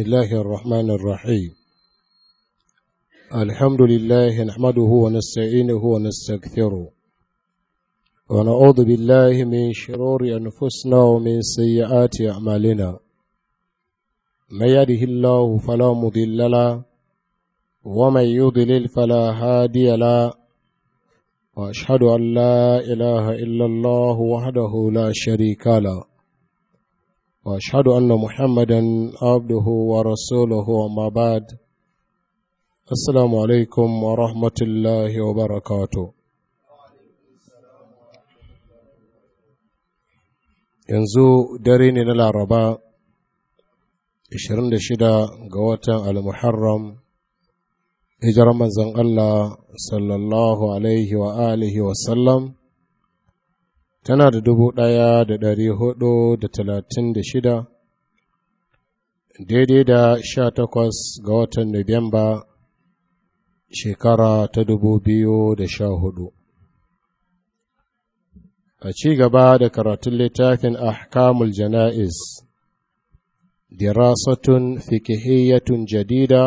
الله الرحمن الرحيم الحمد لله نحمده ونستعينه ونستغفره ونعوذ بالله من شرور أنفسنا ومن سيئات أعمالنا ما يده الله فلا مضل له ومن يضلل فلا هادي له وأشهد أن لا إله إلا الله وحده لا شريك له واشهد ان محمدا عبده ورسوله وما بعد السلام عليكم ورحمه الله وبركاته yanzu dare ne na laraba 26 ga watan al-muharram hijirar manzon Allah sallallahu alaihi wa alihi wa sallam tana da dubu ɗaya da ɗari hudu da talatin da shida daidai da sha takwas ga watan Nuwamba shekara ta dubu biyu da sha hudu. A ci gaba da karatun littafin Ahkamul Jana'iz, dirasatun fikihiyyatun jadida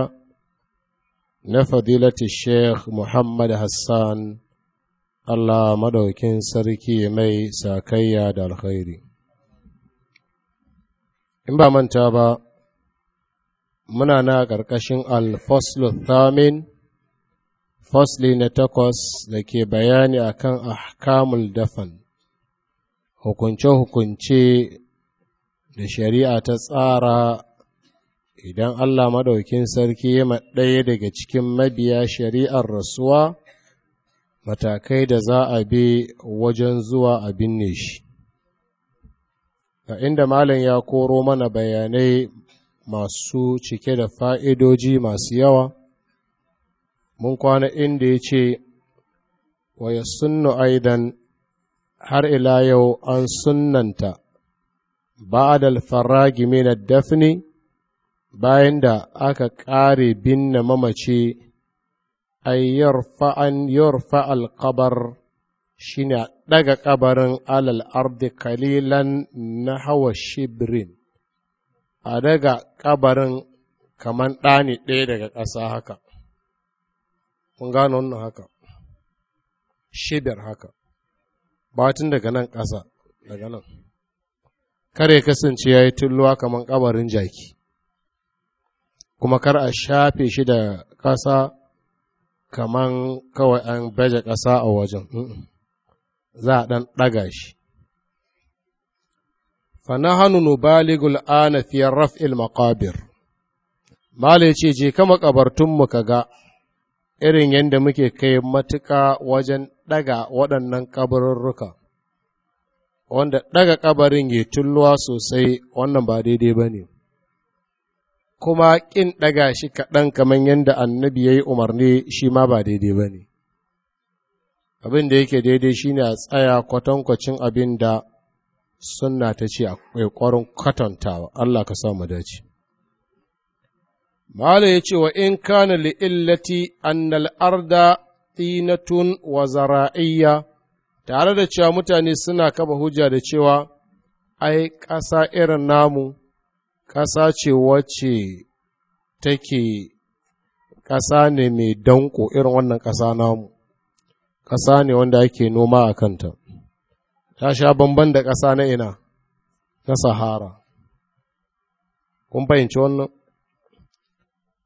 na fadilati Sheikh Muhammad Hassan Allah madaukin sarki mai sakayya da alkhairi. In ba manta ba, muna na ƙarƙashin alfaslu thamin, fasli na takwas da ke bayani akan ahkamul dafan, hukunce-hukunce da shari'a ta tsara idan Allah madaukin sarki ya ɗaya daga cikin mabiya shari'ar rasuwa, matakai da za a bi wajen zuwa a binne shi ga inda malam ya koro mana bayanai masu cike da fa'idoji masu yawa mun kwana inda ya ce wa ya sunnu aidan har ila yau an sunnanta ba'ad alfaragi min dafni bayan da aka ƙare binne mamaci ay yarfa an yarfa alqabar shine a ɗaga ƙabarin alal ardi kalilan na hawa shibrin a daga ƙabarin kaman ɗani ɗaya daga ƙasa haka kun gano wannan haka shibir haka batun daga nan ƙasa daga nan kare kasance ya yi tulluwa kaman ƙabarin jaki kuma kar a shafe shi da ƙasa kaman kawai an baje ƙasa a wajen za a ɗan ɗaga shi فنحن نبالغ ana في raf'il المقابر Mala ce je ka makabartunmu ka ga irin yadda muke kai matuka wajen ɗaga waɗannan ƙabarruka. wanda ɗaga kabarin ya tulluwa sosai wannan ba daidai ba ne. kuma ƙin ɗaga shi kaɗan kamar yadda annabi ya yi umarni shi ma ba daidai ba ne abin da yake daidai shi ne a tsaya kwatankwacin abin da suna ta ce a ƙwarin kwatantawa Allah ka samu dace Mala ya ce wa in kana li'illati annal arda tinatun wa zara'iyya tare da cewa mutane suna kaba hujja da cewa ai ƙasa irin namu ƙasa ce wacce take ƙasa ne mai danko irin wannan ƙasa namu ƙasa ne wanda ake noma a kanta ta sha bamban da ƙasa na ina na sahara kun fahimci wannan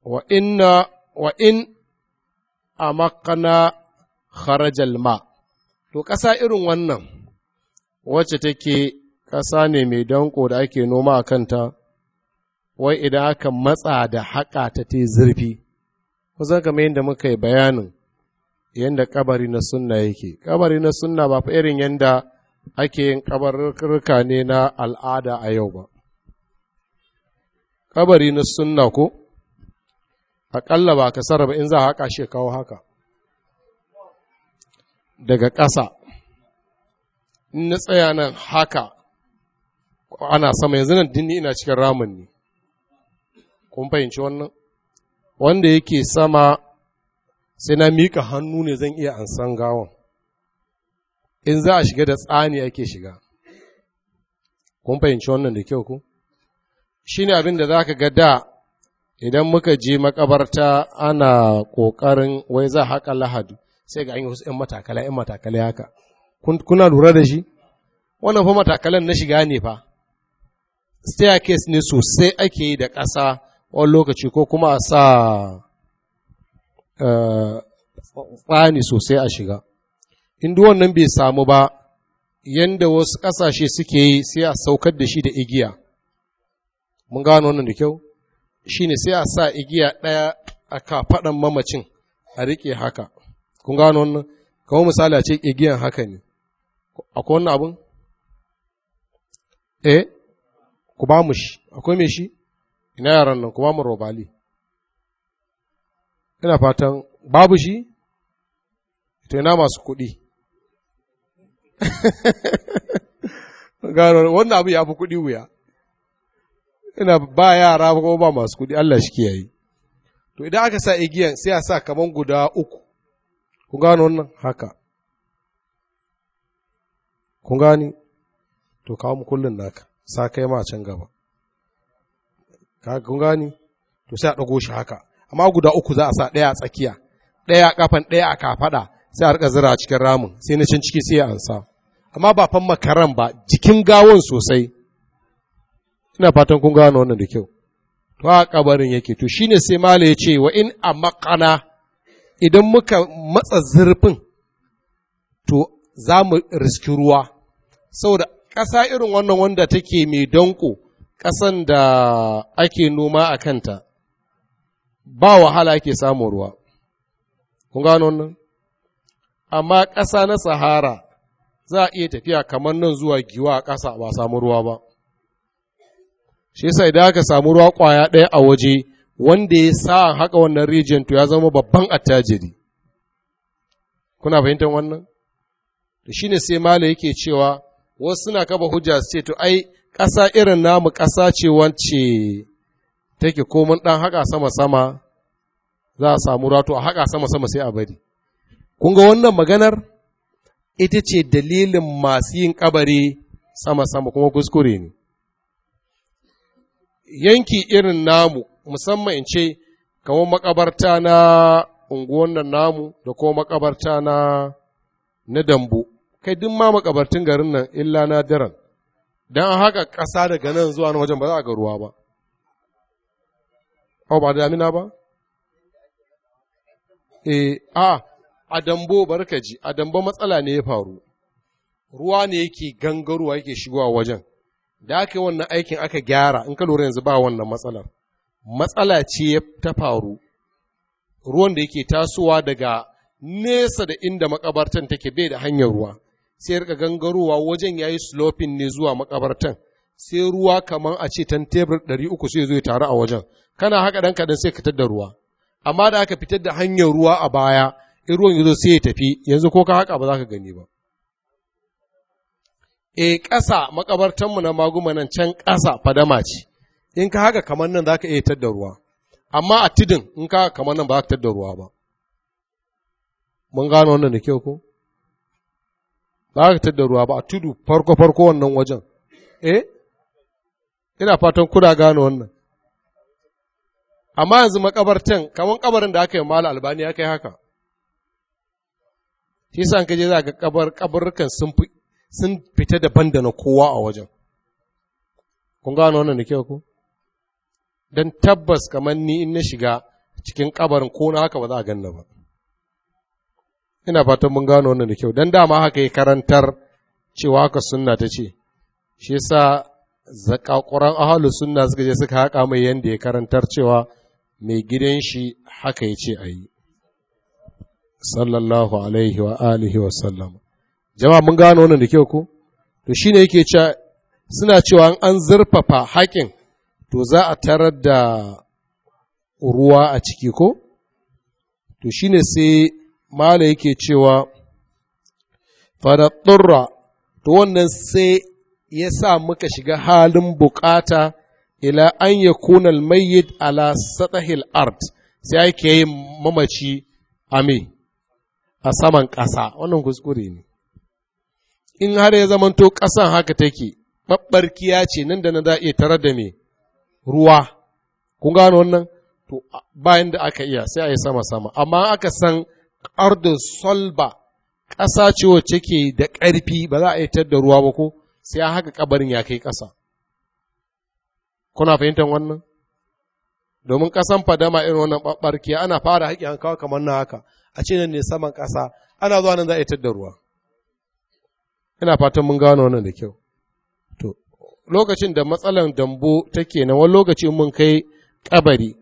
wa inna wa in a makana harajal ma to ƙasa irin wannan wacce take ƙasa ne mai danko da ake noma a kanta wai idan aka matsa da haƙa ta te zurfi zan kamar yadda muka yi bayanin yadda kabari na sunna yake kabari na sunna ba fa irin yadda ake yin kabarurruka ne na al'ada a yau ba kabari na sunna ko aƙalla ba ka sarrafa in za a haƙa shi kawo haka daga ƙasa in na tsaya nan haka ana sama yanzu nan dinni ina cikin ramin ne kun fahimci wannan wanda yake sama sai na miƙa hannu ne zan iya ansan gawon in za a shiga da tsani ake shiga kun fahimci wannan da kyau ku shi ne abin da za ka ga da idan muka je makabarta ana ƙoƙarin wai za haƙa lahadu sai ga an yi wasu 'yan matakala 'yan matakala haka kuna lura da shi wannan fa matakalan na shiga ne fa staircase ne sosai ake yi da ƙasa wani lokaci ko kuma a sa eh, tsani sosai a shiga inda wannan bai samu ba yadda wasu ƙasashe suke yi sai a saukar da shi da igiya mun gano wannan da kyau shi ne sai a sa igiya ɗaya a kafaɗan mamacin a riƙe haka kun gano wannan kawo misali a ce igiyan haka ne akwai wannan abin eh ku ba mu shi akwai me shi ina yaran nan kuma mun robali ina fatan babu shi to ina masu kuɗi gano wannan abu ya fi kuɗi wuya ina ba yara ko ba masu kuɗi Allah shi kiyaye to idan aka sa igiyan sai a sa kaman guda uku ku gano wannan haka kun gani to kawo mu kullun naka sa kai ma can gaba ka kun gani to sai a ɗago shi haka amma guda uku za a sa ɗaya a tsakiya ɗaya a kafan ɗaya a kafaɗa sai a rika zira a cikin ramin sai na cin ciki sai a ansa amma ba fan makaran ba jikin gawon sosai ina fatan kun gano wannan da kyau to a kabarin yake to shine sai mala ya ce wa in a maƙana idan muka matsa zurfin to za mu riski ruwa saboda ƙasa irin wannan wanda take mai danko ƙasan da ake noma a kanta ba wahala ake samun ruwa. Kun gano nan? Amma ƙasa na Sahara za a iya tafiya kamar nan zuwa giwa a ƙasa ba samu ruwa ba. Shi sai haka aka samu ruwa ƙwaya ɗaya a waje wanda ya sa haka wannan rijiyar to ya zama babban attajiri. Kuna fahimtar wannan? Da shi ne sai Malam yake cewa wasu suna kaba hujja su ce to ai ƙasa irin namu ƙasa ce wance take komin ɗan haƙa sama-sama za a samu rato a haƙa sama-sama sai a bari. Kun ga wannan maganar ita ce dalilin masu yin ƙabari sama-sama kuma kuskure ne. Yanki irin namu musamman in ce kamar makabarta na unguwan nan namu da kuma makabarta na na dambu kai duk ma makabartun garin nan illa na daren don haka ƙasa daga nan zuwa na wajen ba za a ga ruwa ba. Au ba damina ba? E, a, a dambo barkaji, a dambo matsala ne ya faru, ruwa ne yake gangaruwa yake shigowa wajen, da aka yi wannan aikin aka gyara in ka lura yanzu ba wannan matsalar. Matsala ce ta faru, ruwan da yake tasowa daga nesa da inda makabartan take bai da hanyar ruwa. sai rika gangarowa wajen ya yi slopin ne zuwa makabartan sai ruwa kamar a ce tan tebur ɗari uku sai zo ya taru a wajen kana haka ɗan kaɗan sai fitar da ruwa amma da aka fitar da hanyar ruwa a baya in ruwan zo sai ya tafi yanzu ko ka haka ba za ka gani ba e ƙasa makabartanmu na maguma nan can ƙasa fadama ce in ka haka kamar nan za ka iya da ruwa amma a tidin in ka haka kamar nan ba za ka da ruwa ba mun gano wannan da kyau ko za ka tada ruwa ba a tudu farko farko wannan wajen eh ina fatan kuna gane wannan amma yanzu makabartan kaman kabarin da aka yi mala albani aka yi haka shi yasa an kaje za ka kabar kabarrukan sun sun fita daban da na kowa a wajen kun gane wannan da kyau ku dan tabbas kamar ni in na shiga cikin kabarin ko na haka ba za a ganna ba ina fatan mun gano wannan da kyau dan dama haka yi karantar cewa ka sunna ta ce shi yasa zakakuran ahlus sunna suka je suka haƙa mai yanda ya karantar cewa mai gidan shi haka ya ce a yi sallallahu alaihi wa alihi wa sallam jama'a mun gano wannan da kyau ko to shine yake cewa suna cewa an zurfafa haƙin to za a tarar da ruwa a ciki ko to shine sai mala yake cewa fadatturra to wannan sai ya sa muka shiga halin bukata ila an ya kunal mayyid ala satahil art sai ake yin mamaci ame a saman ƙasa wannan kuskure ne in har ya zamanto ƙasan haka take ɓaɓɓarkiya ce nan da na za iya tare da me ruwa kun gano wannan to bayan da aka iya sai a yi sama-sama amma aka san ardu solba ƙasa ce wacce ke da ƙarfi ba za a yi da ruwa ba ko sai a haka kabarin ya kai ƙasa kuna fahimtar wannan domin ƙasan fadama irin wannan ɓarɓarki ana fara haƙi an kawo kamar na haka a ce nan ne saman ƙasa ana zuwa nan za a yi da ruwa ina fatan mun gano wannan da kyau to lokacin da matsalan dambo take nan wani lokaci mun kai kabari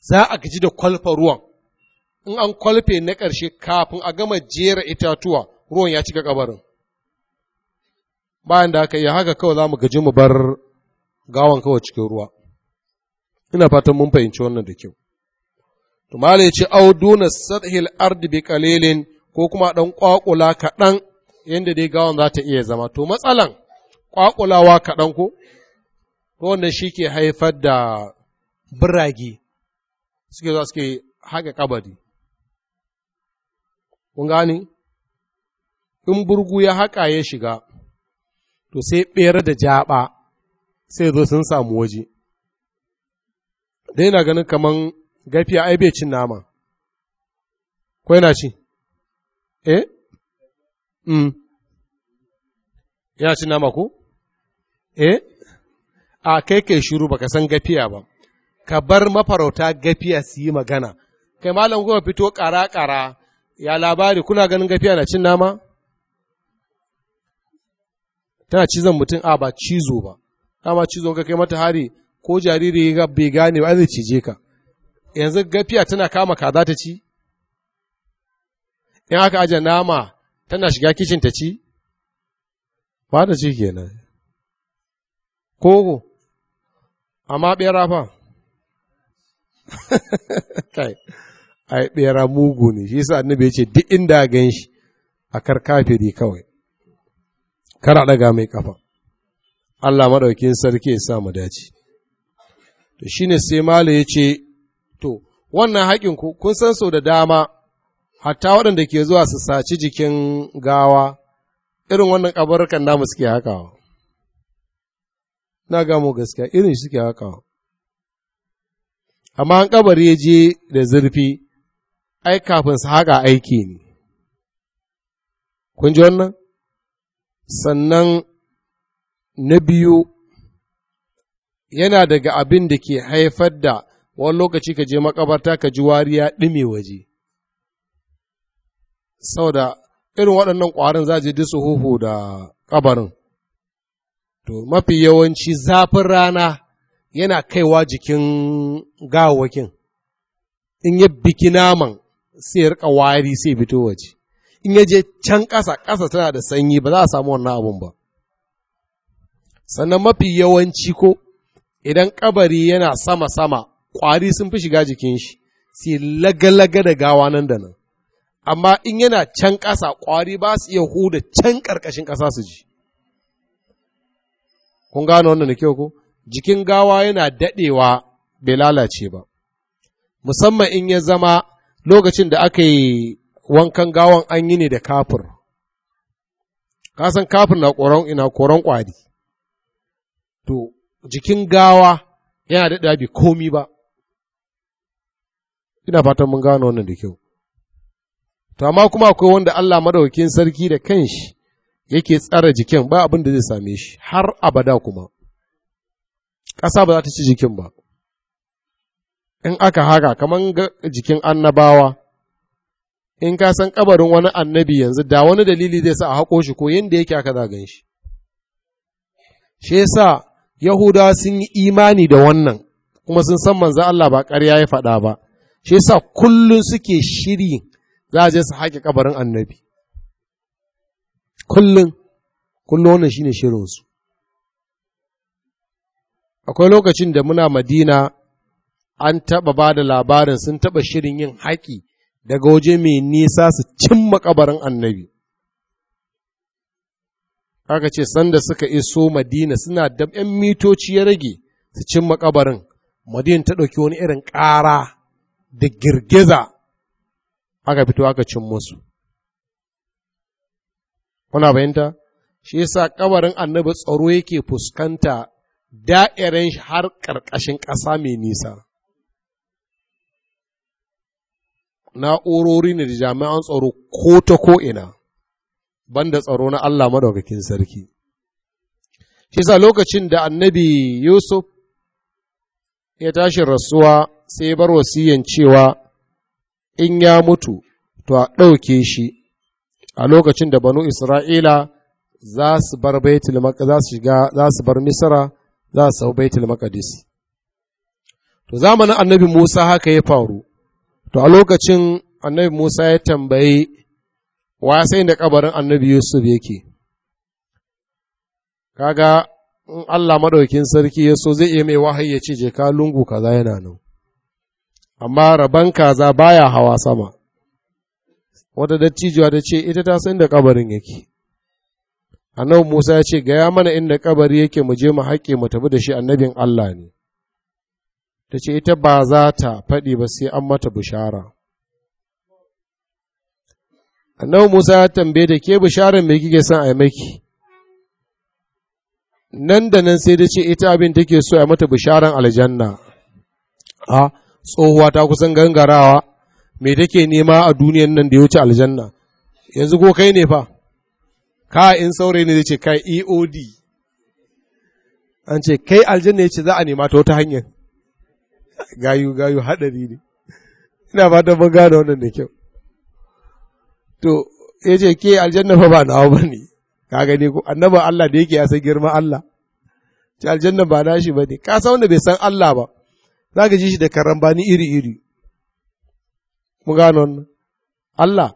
za a gaji da kwalfa ruwan in an kwalfe na ƙarshe kafin a gama jera itatuwa ruwan ya cika kabarin bayan da aka yi haka kawai za mu gaji mu bar gawan kawai cikin ruwa ina fatan mun fahimci wannan da kyau to malai ce au duna sathil ardi bi qalilin ko kuma dan kwakula kaɗan yanda dai gawan za ta iya zama to matsalan kwakulawa kaɗan ko to wannan shi ke haifar da birage suke zuwa suke haƙa kabari Kun gani, In burgu ya haƙa ya shiga, to sai ɓera da jaɓa sai zo sun samu waje. Dai na ganin kaman gafiya ai bai cin nama, ko yana ci? Eh? Mm. Yana cin nama ko? Eh? A kai kai shiru baka san gafiya ba, ka bar mafarauta gafiya su yi magana, kai malam kuma fito ƙara-ƙara. ya labari kuna ganin gafiya na cin nama tana cizon mutum a ba cizo ba dama cizo ka kai mata hari ko jariri ga bai gane ba zai cije ka yanzu gafiya tana kama kaza ta ci in aka aje nama tana shiga kicin ta ci ba ta ci kenan koko amma ɓera fa kai ai bera mugu ne shi yasa annabi yace ce duk inda gan shi a kar kafiri kawai kar a ɗaga mai kafa Allah maɗaukin sarki ya sa mu dace to shine sai mala ya ce to wannan haƙin ku kun san sau da dama hatta waɗanda ke zuwa su saci jikin gawa irin wannan kabarukan namu suke hakawa na gamo gaskiya irin suke hakawa amma an kabari ya je da zurfi ai kafin su haƙa aiki ne kun ji wannan sannan na biyu yana daga abin da ke haifar da wani lokaci ka je makabarta ka ji wariya ɗume waje da irin waɗannan ƙwarin za je disu huhu da ƙabarin to mafi yawanci zafin rana yana kaiwa jikin gawakin in yi biki naman sai ya rika wari sai fito waje in ya je can ƙasa ƙasa tana da sanyi ba za a samu wannan abun ba sannan mafi yawanci ko idan kabari yana sama sama ƙwari sun fi shiga jikin shi sai lagalaga da gawa nan da nan amma in yana can ƙasa kwari ba su iya huda can ƙarƙashin ƙasa su ji kun gano wannan da kyau ko jikin gawa yana daɗewa bai lalace ba musamman in ya zama lokacin da aka yi wankan gawan an yi ne da kafir kasan kafir na koron ina koron kwari to jikin gawa yana da ɗabi komi ba ina fatan mun gano wannan da kyau to amma kuma akwai wanda Allah madaukakin sarki da kanshi yake tsara jikin ba abin da zai same shi har abada kuma ƙasa ba za ta ci jikin ba in aka haka kamar jikin annabawa in ka san kabarin wani annabi yanzu da wani dalili zai sa a haƙo shi ko yadda yake aka zagan shi shi yasa yahudawa sun yi imani da wannan kuma sun san manzo Allah ba ƙarya ya faɗa ba shi yasa kullun suke shiri za a je su haƙe kabarin annabi kullun kullun wannan shine shirinsu akwai lokacin da muna madina an taɓa ba da labarin sun taɓa shirin yin haƙi daga waje mai nisa su cimma kabarin annabi. Aka ce, sanda suka iso Madina suna da ‘yan mitoci ya rage su cimma kabarin, Madina ta ɗauki wani irin ƙara da girgiza aka fito aka cin musu. Kuna bayanta? Shi yasa ƙabarin annabi tsaro yake fuskanta da'irin har ƙarƙashin ƙasa mai nisa. na'urori ne da jami'an tsaro ko ta ko'ina, banda tsaro na Allah maɗaukakin sarki. Shisa lokacin da annabi Yusuf ya tashi rasuwa sai bar wasiyan cewa in ya mutu to a ɗauke shi a lokacin da banu Isra'ila za su bar Misira za su baitul to zamanin annabi Musa haka ya faru to a lokacin annabi Musa ya tambayi wa sai da kabarin annabi Yusuf yake kaga in Allah madaukin sarki ya so zai iya mai wahayi ya ce je ka lungu kaza yana nan amma raban kaza baya hawa sama wata dattijuwa ta ce ita ta san da kabarin yake annabi Musa ya ce gaya mana inda kabari yake muje je mu haƙe mu tafi da shi annabin Allah ne ta ce ita ba za ta faɗi ba sai an mata bishara annabi Musa ya tambaye da ke bisharar me kike son a yi maki nan da nan sai da ce ita abin take so a mata bisharan aljanna a tsohuwa ta kusan gangarawa me take nema a duniyan nan da ya wuce aljanna yanzu ko kai ne fa ka in saurayi ne zai ce kai EOD an ce kai aljanna ya ce za a nema ta wata hanyar gayu gayu haɗari ne ina fatan ban gano wannan da kyau to ya ce ke aljanna fa ba na ba ne ka gani ko annaba Allah da yake ya san girma Allah ce aljanna ba nashi ba ne ka san wanda bai san Allah ba za ka ji shi da karambani iri iri mu gano wannan Allah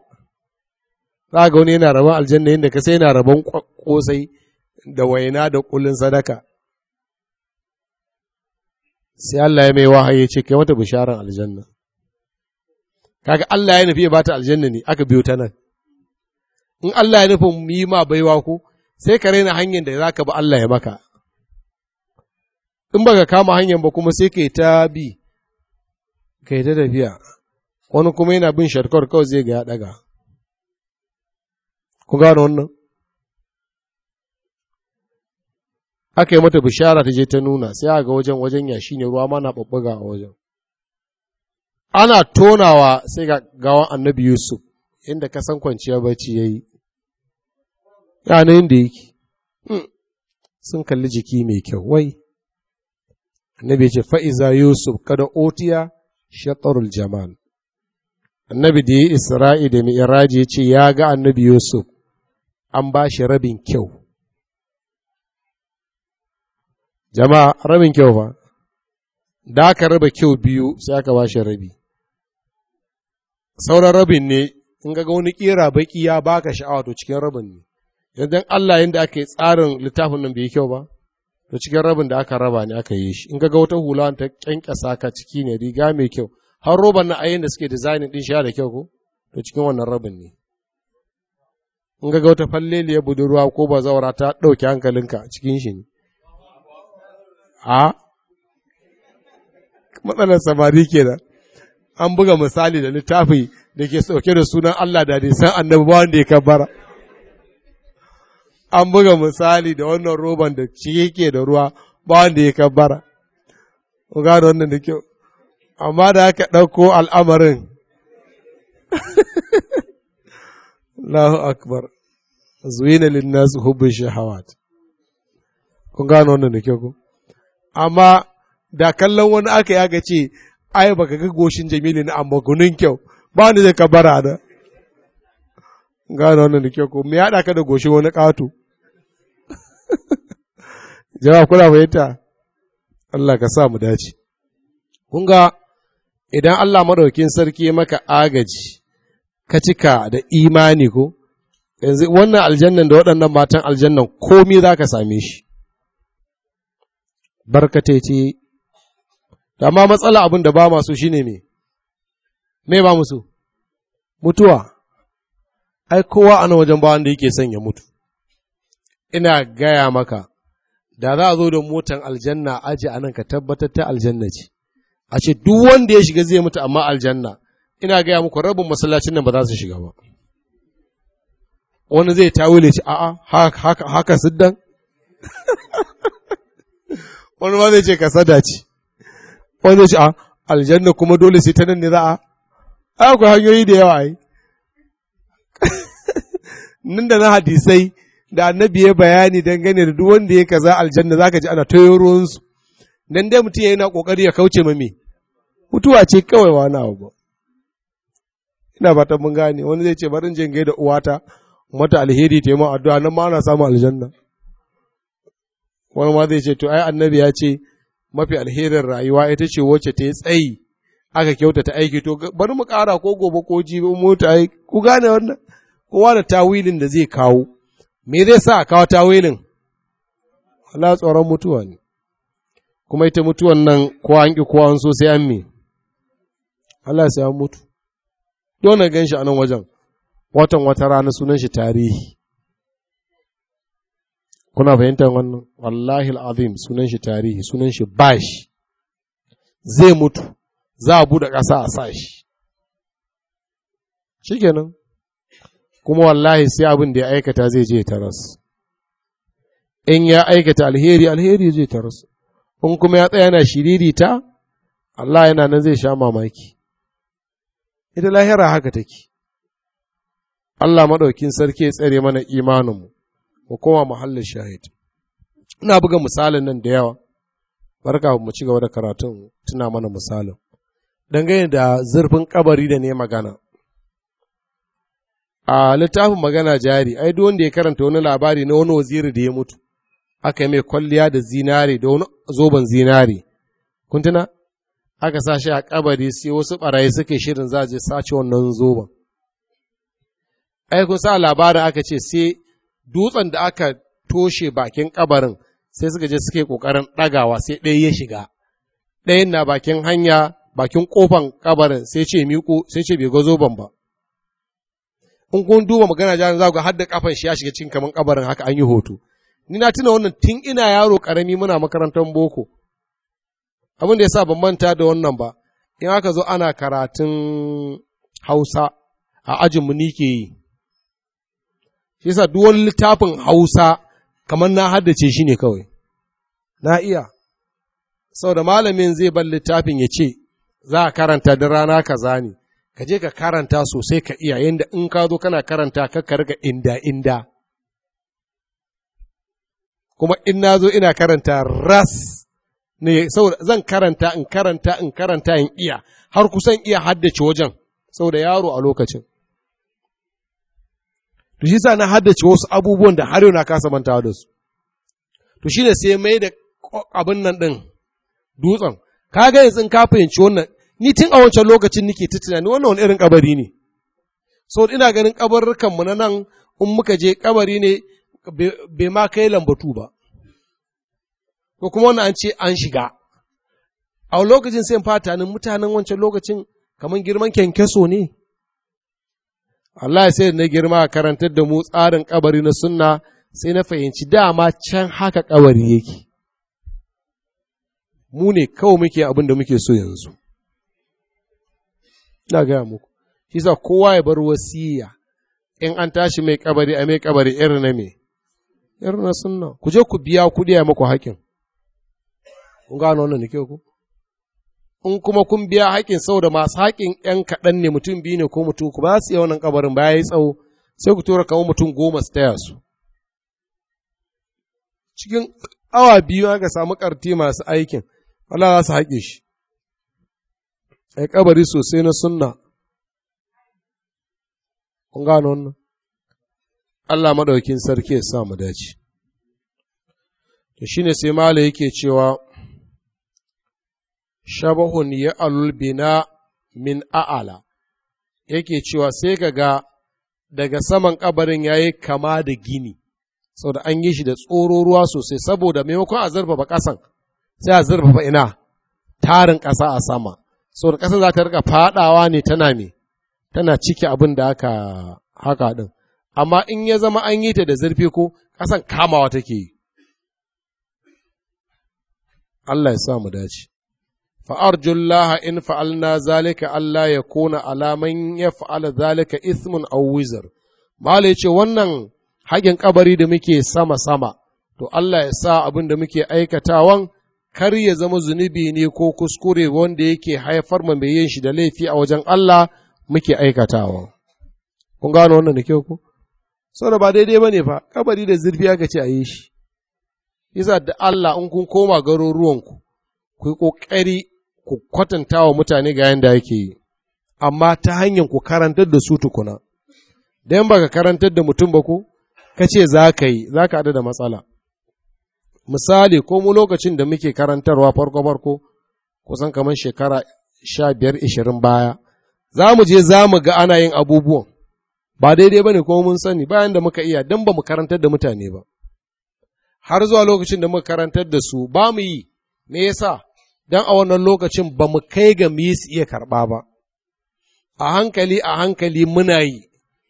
za ka wani yana rabon aljanna yadda ka sai yana rabon kosai da waina da kullun sadaka sai Allah ya mai wahayi ce kai mata bisharar aljanna kaga Allah ya nufi ya bata aljanna ne aka biyo ta nan in Allah ya nufi yi ma baiwa ko sai ka raina hanyar da zaka ba Allah ya maka in baka kama hanyar ba kuma sai kai ta bi kai ta tafiya wani kuma yana bin sharkar kawai zai ga ya daga ku gano wannan aka yi mata bishara ta je ta nuna sai a ga wajen wajen yashi ne ruwa ma na babbaga a wajen ana tonawa sai ga gawan annabi yusuf inda kasan kwanciya bacci yayi yanayin da yake hmm. sun kalli jiki mai kyau wai annabi ya ce fa'iza yusuf kada otiya shatarul jamal annabi da ya isra'i da mi'iraji ya ce ya ga annabi yusuf an ba shi rabin kyau jama'a rabin kyau ba da aka raba kyau biyu sai aka ba shi rabi sauran rabin ne in ga wani kira baki ya baka sha'awa to cikin rabin ne yanzu Allah yanda aka yi tsarin littafin nan bai yi kyau ba to cikin rabin da aka raba ne aka yi shi in ga wata hula ta kyankyasa ka ciki ne riga mai kyau har roban na ayin da suke designing din shi da kyau ko to cikin wannan rabin ne in ga wata falleliya budurwa ko bazawara ta ɗauke hankalinka cikin shi ne a matsalar samari ke da an buga misali da littafi da ke sauke da sunan Allah da nisan annabi wanda ya kabbara an buga misali da wannan roban da cike ke da ruwa ba wanda ya kabbara ku gano wannan da kyau amma da aka ɗauko al'amarin Allahu akbar zuwina linnas hubbu shahawat kun gano wannan da kyau ku amma da kallon wani aka yi aka ce ai baka ga goshin jamilu na amma gunun kyau ba ni zai kabara da gano wannan da kyau ko me haɗa ka da goshin wani ƙato jama'a kula fahimta Allah ka sa mu dace kun ga idan Allah madaukin sarki maka agaji ka cika da imani ko yanzu wannan aljannan da waɗannan matan aljannan komi za ka same shi barkatai ce amma matsala abin da ba masu shine me me ba musu mutuwa ai kowa ana wajen bawan da yake son ya mutu ina gaya maka da za a zo da motan aljanna aji a nan ka tabbatar ta aljanna ce a ce duk wanda ya shiga zai mutu amma aljanna ina gaya muku rabin masallacin nan ba za su shiga ba wani zai tawile ce a'a haka siddan wani ma zai ce kasada ce wani zai ce a ah, aljanna kuma dole sai ta nan ne za a akwai hanyoyi da yawa ai nan da na hadisai da annabi ya bayani dangane da duk wanda ya kaza aljanna zaka ji ana toyo ruwansu dan dai mutum yana kokari ya kauce ma me mutuwa ce kawai wani abu ba ina fatan mun gane wani zai ce barin jin da uwata mata alheri ta yi addu'a nan ma ana samun aljanna wani ma zai ce to ai annabi ya ce mafi alherin rayuwa ita ce wacce ta yi tsayi aka kyauta ta aiki to bari mu kara ko gobe ko jibi mota ai ku gane wannan kowa da tawilin da zai kawo me zai sa a kawo tawilin Allah tsoron mutuwa ne kuma ita mutuwan nan ko an ki kowa an so sai an me Allah sai an mutu don gan shi a nan wajen watan wata rana sunan shi tarihi kuna fahimtar wannan wallahi al’azim sunan shi tarihi sunan shi bashi zai mutu za a buɗe ƙasa a sa shi shikenan kuma wallahi sai abin da ya aikata zai je taras in ya aikata alheri alheri zai taras in kuma ya tsaya shiriri ta Allah yana nan zai sha mamaki ita lahira haka take Allah maɗaukin sarki ya tsare mana imaninmu mu koma muhallin shahid ina buga misalin nan da yawa barka mu ci gaba da karatun tuna mana misalin dangane da zurfin kabari da ne magana a littafin magana jari ai duk wanda ya karanta wani labari na wani waziri da ya mutu aka yi mai kwalliya da zinare da wani zoben zinare kun aka sa shi a kabari sai wasu barayi suke shirin za je sace wannan zoben ai kun sa labarin aka ce sai dutsen da aka toshe bakin kabarin sai suka je suke kokarin ɗagawa sai ɗaya ya shiga ɗayan na bakin hanya bakin kofan kabarin sai ce miƙo sai ce bai gazo ban ba in kun duba magana jan za ga hadda kafan shi ya shiga cikin kaman kabarin haka an yi hoto ni na tuna wannan tun ina yaro karami muna makarantar boko abin da yasa ban manta da wannan ba in aka zo ana karatun hausa a ajinmu ni ke yi shi sa littafin Hausa kamar na haddace shi ne kawai na iya sau da malamin zai bar littafin ya ce za a karanta da rana kaza ne ka je ka karanta sosai ka iya yadda in ka zo kana karanta ka karga inda inda kuma in na zo ina karanta ras ne saboda zan karanta in karanta in karanta in iya har kusan iya haddace wajen saboda yaro a lokacin to shi sa na haddace wasu abubuwan da har yau na kasa mantawa da su to shi ne sai mai da abin nan din dutsen ga yanzu ka fahimci wannan ni tun a wancan lokacin nake ta tunani wannan wani irin kabari ne so ina ganin kabarrukan mu na nan in muka je kabari ne bai ma kai lambatu ba ko kuma wannan an ce an shiga a lokacin sai fata nan mutanen wancan lokacin kamar girman kyankyaso ne Allah ya sai na girma a karantar da mu tsarin kabari na sunna sai na fahimci dama can haka kabari yake mu ne kawai muke abin da muke so yanzu na gaya muku shi sa kowa ya bar wasiya in an tashi mai kabari a mai kabari irin na me irin na sunna ku je ku biya kuɗi a muku haƙin kun gano wannan ke ku in kuma kun biya haƙin sau da masu haƙin ‘yan kaɗan ne mutum biyu ne ko mutum ku ba su yi wannan kabarin ba ya yi tsawo sai ku tura kamar mutum goma su taya su. Cikin awa biyu aka samu ƙarti masu aikin, wala za su haƙe shi. Ai kabari sosai na sunna. Kun gano wannan? Allah maɗaukin sarki ya sa mu dace. To ne sai Malam yake cewa shabahun ya alulbina min a'ala, yake cewa sai ka daga saman kabarin ya yi kama da gini, saboda an yi shi da tsoro ruwa sosai, saboda maimakon a zurfafa ƙasan, sai a zurfafa ina tarin kasa a sama, saboda kasa za ta rika fadawa ne tana me, tana cike abin da aka haka ɗin. Amma in ya zama an yi ta da zurfi ko ƙasan kamawa take yi. Allah ya sa mu dace. فأرجو الله إن فعلنا ذلك ألا يكون على من يفعل ذلك إثم أو وزر ما ليش ونن حاجن قبري دمكي سما سما to Allah ya sa abin da muke aikatawan kar ya zama zunubi ne ko kuskure wanda yake haifar ma mai yin da laifi a wajen Allah muke aikatawa. Kun gano wannan da kyau ko? Saboda ba daidai ba ne fa, kabari da zurfi aka ce a yi shi. Yasa da Allah in kun koma garuruwanku, ku yi ƙoƙari ku kwatanta wa mutane ga yanda yake yi amma ta hanyar ku karantar da su tukuna dan ka karantar da mutum ba ku ka ce za ka yi za ka da matsala misali ko mu lokacin da muke karantarwa farko farko kusan kamar shekara sha biyar ishirin baya za mu je za mu ga ana yin abubuwan ba daidai ba ne ko mun sani bayan da muka iya don ba mu karantar da mutane ba har zuwa lokacin da muka karantar da su ba mu yi me yasa don a wannan lokacin ba mu kai ga mu yi su iya karɓa ba a hankali a hankali muna yi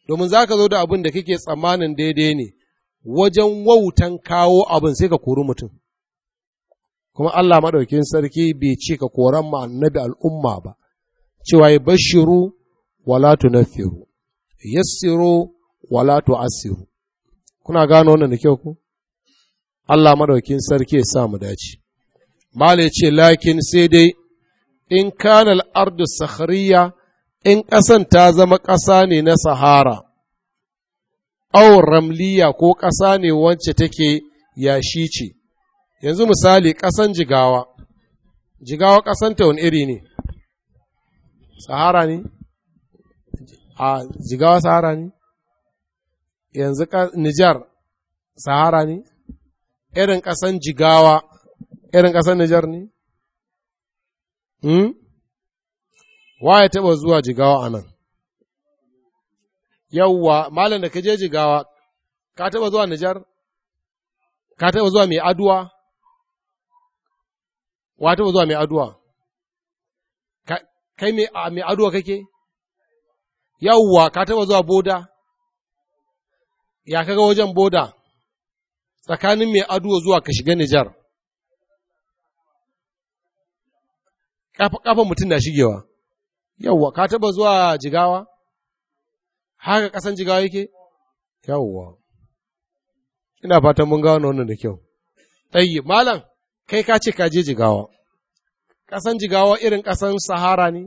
domin za ka zo da abin da kake tsammanin daidai ne wajen wautan kawo abin sai ka kori mutum kuma Allah maɗaukin sarki bai ce ka koran ma annabi al'umma ba cewa ya bashiru wala tunaffiru yassiru wala kuna gano wannan da kyau ku Allah maɗaukin sarki ya sa mu dace malai ya ce, lakin sai dai, in kanal ardu sakhariya in ƙasan ta zama ƙasa ne na Sahara, au ramliya ko ƙasa ne wacce take yashi ce, yanzu misali ƙasan jigawa, jigawa ƙasanta wani iri ne, Sahara ne? A jigawa Sahara ne? Yanzu Nijar Sahara ne? Irin ƙasan jigawa irin ƙasar Nijar ne? Hmm? Wa ya taɓa zuwa jigawa a nan? Yawwa, malam da ka je jigawa, ka taɓa zuwa Nijar? Ka taɓa zuwa mai aduwa? Wa taɓa zuwa mai aduwa? Kai mai aduwa kake? Yawwa, ka taɓa zuwa boda? Ya kaga wajen boda? Tsakanin mai aduwa zuwa ka shiga Nijar. kafan mutum na shigewa yawwa ka taba zuwa jigawa haka kasan jigawa yake yawwa ina fatan mun gano na da kyau ɗayi malam kai ka ce ka je jigawa kasan jigawa irin kasan sahara ne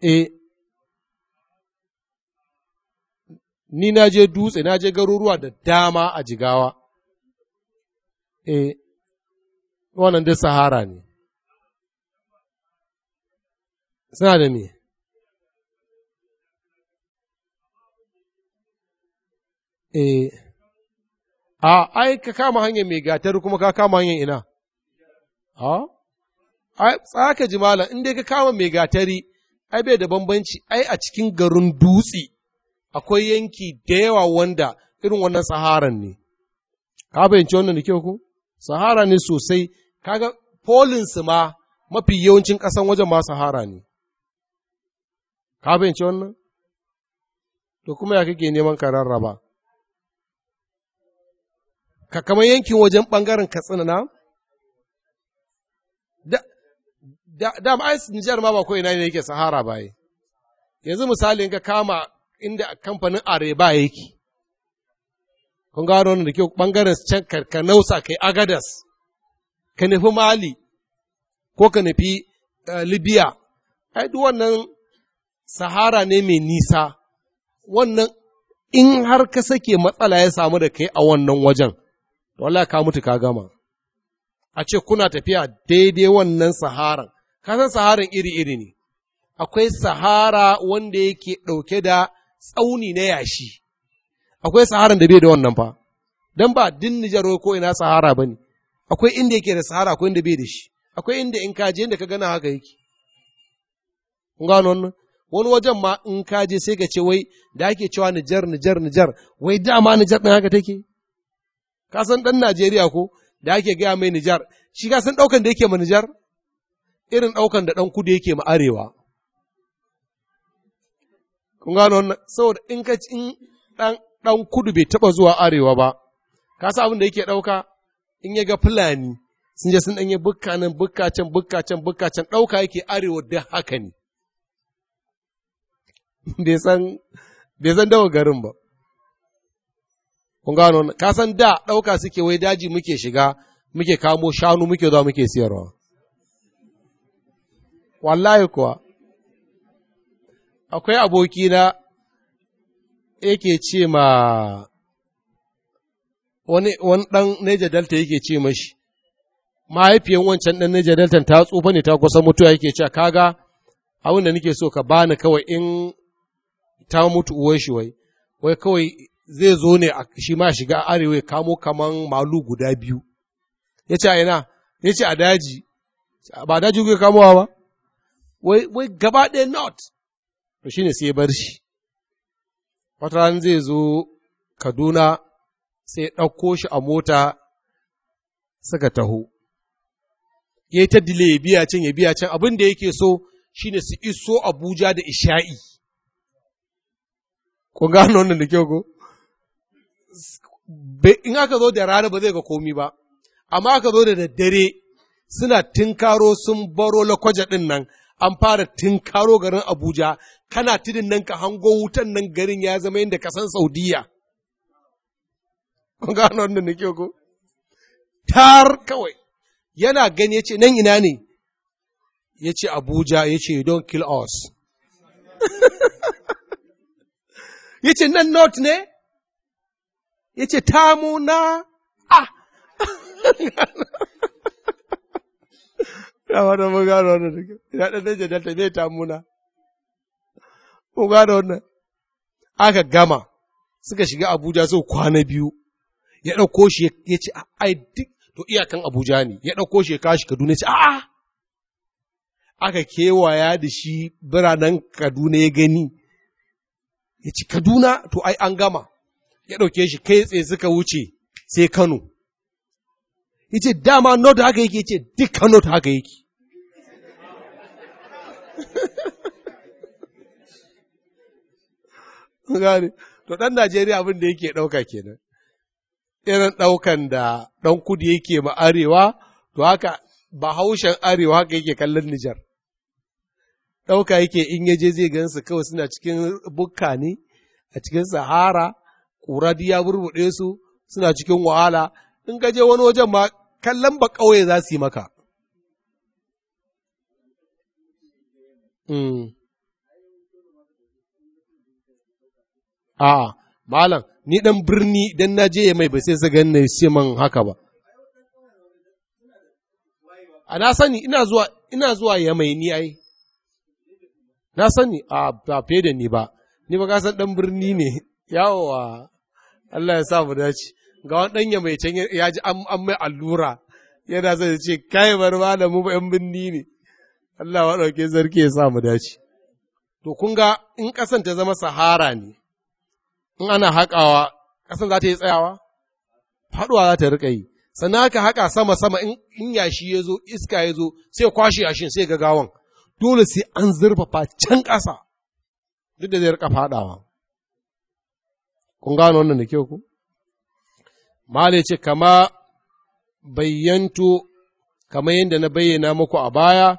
e ni na je dutse na je garuruwa da dama a jigawa e wannan dai sahara ne suna da me eh a ai ka kama hanyar mai gatar kuma ka kama hanyar ina a ai tsaka jimala in dai ka kama mai gatari ai bai da bambanci ai a cikin garin dutse akwai yanki da yawa wanda irin wannan saharan ne ka bayyance wannan da kyau ko sahara ne sosai kaga polinsu ma mafi yawancin ƙasan wajen ma Sahara ne. Ka fahimci wannan? To kuma ya kake neman ka rarraba. Ka kama yankin wajen ɓangaren Katsina na? Da ma ai Nijar ma ba ko ina ne yake Sahara ba yi. Yanzu misali ka kama inda kamfanin Areba yake. Kun gano wannan da kyau ɓangaren can ka nausa kai Agadas. ka nufi Mali ko ka nufi eh, Libya, ai duk wannan Sahara ne mai nisa, wannan in har ka sake matsala ya samu da kai a wannan wajen, wala ka mutu ka gama. A ce kuna tafiya daidai wannan Saharan, ka san Saharan iri-iri ne, akwai Sahara wanda yake ɗauke da tsauni na yashi, akwai Saharan da bai da wannan fa, don ba din Nijar ko ina Sahara ba ne. akwai inda yake da sahara akwai inda bai da shi akwai inda in kaje inda ka gana haka yake kun gano wannan wani wajen ma in kaje sai ka ce wai da ake cewa Nijar Nijar Nijar wai dama Nijar din haka take ka san dan Najeriya ko da ake gaya mai Nijar shi ka san daukan da yake ma Nijar irin daukan da dan kudu yake ma arewa kun gano wannan saboda in ka in dan dan kudu bai taba zuwa arewa ba ka san abin da yake dauka in ya ga fulani sun je sun ɗanye bukka nan bukka can bukka can bukka can ɗauka yake arewa da haka ne bai san dawa garin ba kun gano ka san da ɗauka suke wai daji muke shiga muke kamo shanu muke zuwa muke siyarwa wallahi kuwa akwai abokina yake ce ma wani ɗan neja Niger Delta yake ce mashi mahaifiyar wancan ɗan Niger Delta ta tsufa ne ta kusa mutuwa yake ce, kaga abin da nake so ka bani kawai in ta mutu uwar shi wai wai kawai zai zo ne shi ma shiga arewa kamo kaman malu guda biyu ya ce a ina ya ce a daji ba daji kuke kamowa ba wai wai gaba ɗaya not shi ne sai bar shi wata ran zai zo kaduna sai ɗauko shi a mota suka taho. Ya yi ta dile ya biya can ya biya can abin da yake so shi ne su iso Abuja da Isha'i. Ku gano wannan da kyau ko? In aka zo da rana ba zai ga komi ba, amma aka zo da daddare suna tinkaro sun baro lakwaja ɗin nan, an fara tinkaro garin Abuja, kana tudin nan ka hango wutan nan garin ya zama yadda ka san Saudiya. kun ga wanda da nake ko tar kawai yana gani yace nan ina ne yace Abuja yace don kill us yace nan north ne yace tamu na ah ya wata mun gano wannan da kyau ina ɗan dai jadalta ne tamu na mun gano wannan aka gama suka shiga Abuja sau kwana biyu ya ɗauko shi ya ce a duk to iyakan Abuja ne ya ɗauko shi ya kashi Kaduna ya ce a aka kewaya da shi biranen Kaduna ya gani ya ce Kaduna to ai an gama ya ɗauke shi kai tsaye suka wuce sai Kano ya ce dama no haka yake ya ce duk Kano ta haka yake gane to ɗan Najeriya abin da yake ɗauka kenan irin ɗaukan da ɗan kudu yake ma arewa, to haka bahaushen arewa haka yake kallon Nijar. Ɗauka yake in yaje zai gansu kawai suna cikin bukka ne, a cikin sahara, ƙura ya burbuɗe su suna cikin wahala, in gaje wani wajen ma kallon ba ƙauye za su yi maka. Hmm. A, malam, ni dan birni dan na je mai ba sai su ganna sai man haka ba a na sani ina zuwa ina zuwa ya mai ni ai na sani a ba fe da ni ba ni ba san dan birni ne yawa Allah ya sa mu dace ga wani dan ya mai can ya ji an mai allura yana zai ce kai bar mu ba yan birni ne Allah wa dauke zarki ya sa mu dace to kun ga in kasan ta zama sahara ne in ana haƙawa ƙasar za ta yi tsayawa faɗuwa za ta riƙa yi sannan aka haƙa sama-sama in yashi ya zo iska ya zo sai kwashe yashin sai ga gawan dole sai an zurfafa can ƙasa duk da zai riƙa faɗawa kun gano wannan da kyau ku male ce kama bayyanto kamar yadda na bayyana muku a baya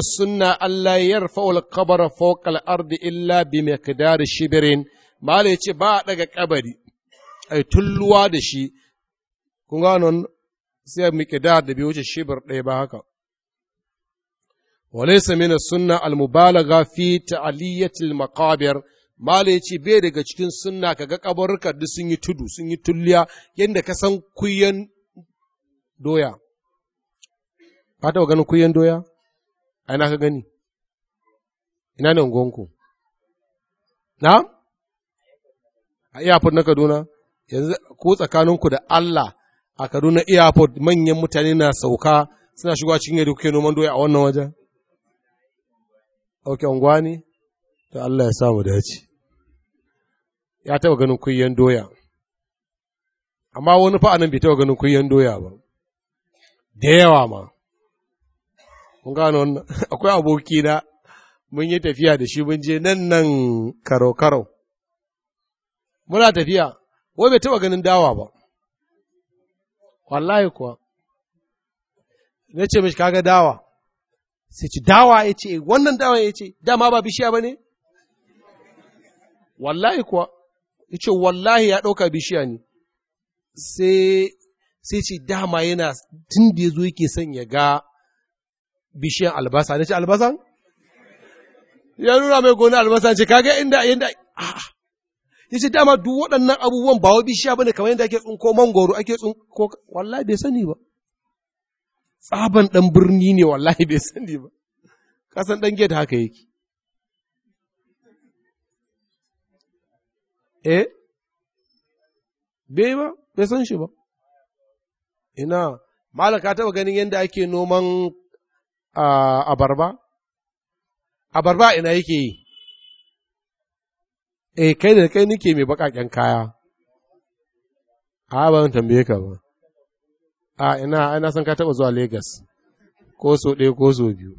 suna فمن rufa ulkabar fokal ardi illa bi mai بمقدار shibirin, Mala ya ce ba a ɗaga kabari, ai tulluwa da shi, kun gano sai a miƙe da da biyu wuce shibir ɗaya ba haka. Walaisa mina sunna almubalaga fi ta'aliyatil maqabir Mala ya ce bai daga cikin ka kaga kabarurka duk sun yi tudu sun yi tulliya yadda ka san kuyen doya. ba ta ganin kuyen doya? Ai na ka gani. Ina ne unguwanku? Na? a airport na Kaduna yanzu ko tsakaninku da Allah a Kaduna airport manyan mutane na sauka suna shigowa cikin yadda kuke noman doya a wannan wajen Ok, ungwani? ta Allah ya samu dace ya taɓa ganin kuyen doya amma wani fa’a nan bai taɓa ganin kuyen doya ba da yawa ma Mun gano wannan akwai abokina mun yi tafiya da shi mun je nan nan karo karo muna tafiya wai bai taɓa ganin dawa ba wallahi kuwa na ce mishi kaga dawa sai ci dawa ya ce eh, wannan dawa ya ce dama ba bishiya ba ne wallahi kuwa ya ce wallahi ya ɗauka bishiya ne sai sai dama yana tun da ya zo yake son ya ga bishiyan albasa na ce albasan ya nuna mai gona albasa ce kaga inda inda Ah. ya ce dama duk waɗannan abubuwan ba wa bishiya bane kamar yadda ake tsunko mangoro ake tsunko wallahi bai sani ba tsaban ɗan birni ne wallahi bai sani ba kasan ɗan gate haka yake eh bai ba bai san shi ba ina malam ka taɓa ganin yadda ake noman ah, abarba abarba ina yake yi eh kai da kai nike mai baƙaƙen kaya a ban tambaye ka ba a ina ina san ka taɓa zuwa Legas ko so ɗaya ko so biyu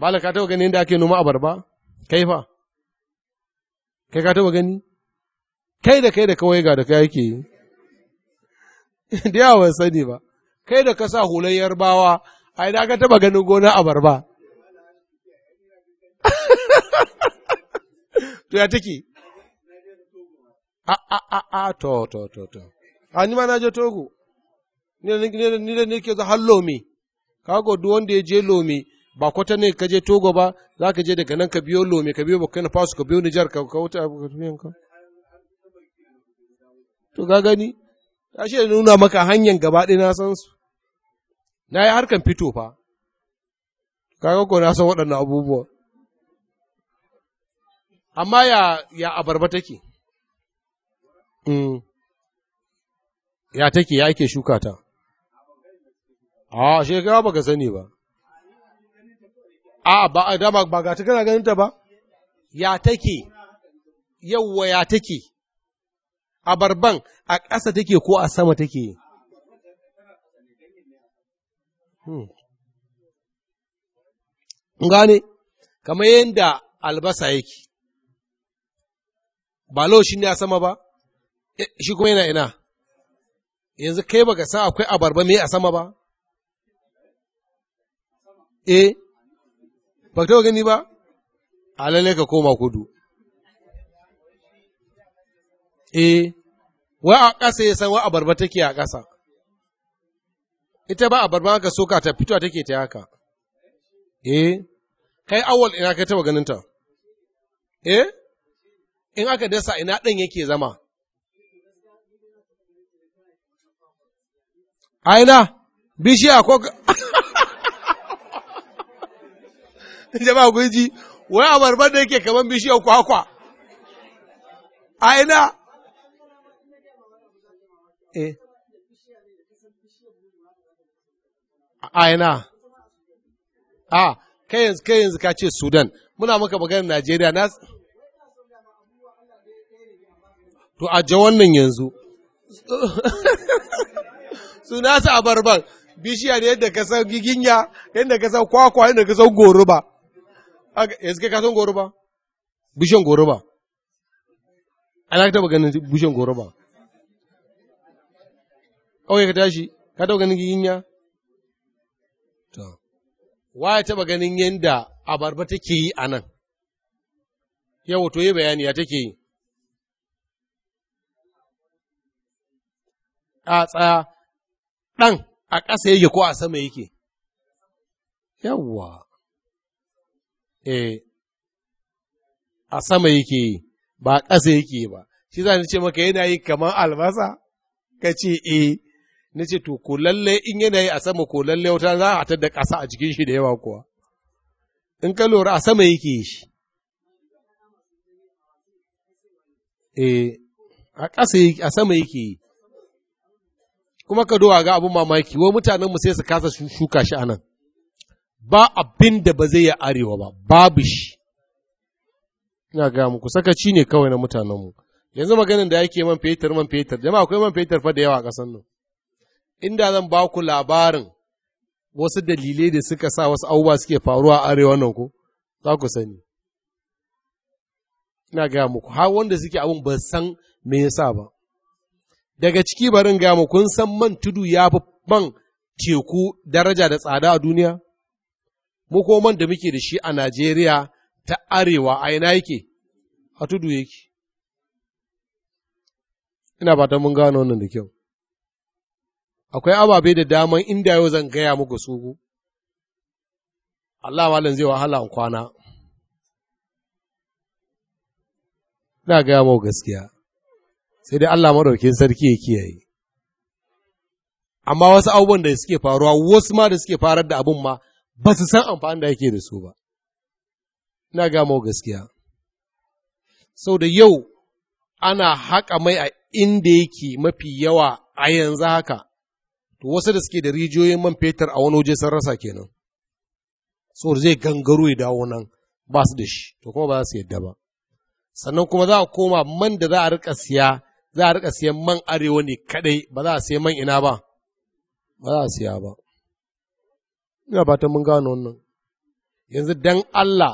bala ka taɓa gani da ake noma abarba kai fa kai ka taɓa gani kai da kai da kawai ga da kai yake yi da yawa sani ba kai da ka sa hulan yarbawa a ina ka taɓa ganin gona abarba to ya take a a a a to to to to a ni ma na je togo ni da nake za har lomi kago duk wanda ya je lomi ba kwata ne ka je togo ba za ka je daga nan ka biyo lomi ka biyo na fasu, ka biyo nijar ka kauta ka to ga gani ta shi nuna maka hanyar gaba ɗaya na san su na yi harkan fito fa ga ko na san waɗannan abubuwa amma ya, ya abarba take, mm. ya take ya ake shuka ta, a shekara ba ka sani ba, a ba a dama ba ga ta kana ganin ta ba, ya take, yawwa ya take, abarban a ƙasa take ko a sama take. Hmm. gane, kamar yadda albasa yake, ba laushin ne a sama ba, eh, shi kuma yana ina, yanzu kai ba ga sa akwai abarba me a sama ba? E, ba ta gani ba? A lalle ka koma kudu. E, eh? wa a ƙasa ya san wa abarba take a ƙasa. Ita ba abarba haka soka ta fito take ta haka. E, kai awal ina ka taba ganin ta? Eh? in aka dasa ina ɗan yake zama. Aina, bishiya ko jama'a kun ji, wai abarbar da yake kamar bishiyar kwakwa. Aina, eh, aina, a, ah, kai yanzu ka ce Sudan, muna maka maganar Najeriya, na to a ja wannan yanzu. Suna su barban bishiya ne yadda ka san giginya, yadda ka san kwakwa, yadda ka san goruba. Yanzu suke ka san goruba? Bishiyan goruba. Ana ka taɓa ganin bishiyan goruba. Kawai ka tashi, ka taɓa ganin giginya? To, wa ya taɓa ganin yadda abarba take yi a nan? yawo to yi bayani ya take yi. a tsaya ɗan a ƙasa yake ko a sama yake yawwa eh a sama yake ba ƙasa yake ba shi za ni ce maka yana yi kamar albasa ka ce eh na ce to ko lalle in yana yi a sama ko lalle wata za a da ƙasa a jikin shi da yawa kuwa in ka lura a sama yake shi eh a ƙasa a sama yake yi kuma ka dowa ga abin mamaki wai mutanen mu sai su kasa shuka shi anan ba abin da ba zai yi arewa ba babu shi ina ga muku sakaci ne kawai na mutanen mu yanzu maganin da yake man fetur man fetur jama'a akwai man fetur fa da yawa a kasan nan inda zan ba ku labarin wasu dalilai da suka sa wasu abubuwa suke faruwa a arewa nan ko za ku sani ina ga muku har wanda suke abun ba san me yasa ba daga ciki barin gamu kun san man tudu ya fi man teku daraja da tsada a duniya? Mu ko man da muke da shi a Najeriya ta arewa a ina yake, a tudu yake. Ina fatan mun gano wannan da kyau. Akwai ababe da daman inda yau zan gaya muku su Allah malam zai wahala in kwana. Na gaya mu gaskiya. sai dai Allah maɗaukin sarki ya kiyaye amma wasu abubuwan da suke faruwa wasu ma da suke farar da abun ma ba su san amfani da yake da su ba ina ga mu gaskiya sau da yau ana haƙa mai a inda yake mafi yawa a yanzu haka to wasu da suke da rijiyoyin man fetur a wani waje sun rasa kenan So zai gangaro ya dawo nan ba su da shi to kuma ba za su yadda ba sannan kuma za a koma man da za a rika siya za a riƙa siyan man arewa ne kaɗai ba za a siya man ina ba, ba za a siya ba. Ina fatan mun gano wannan. Yanzu dan Allah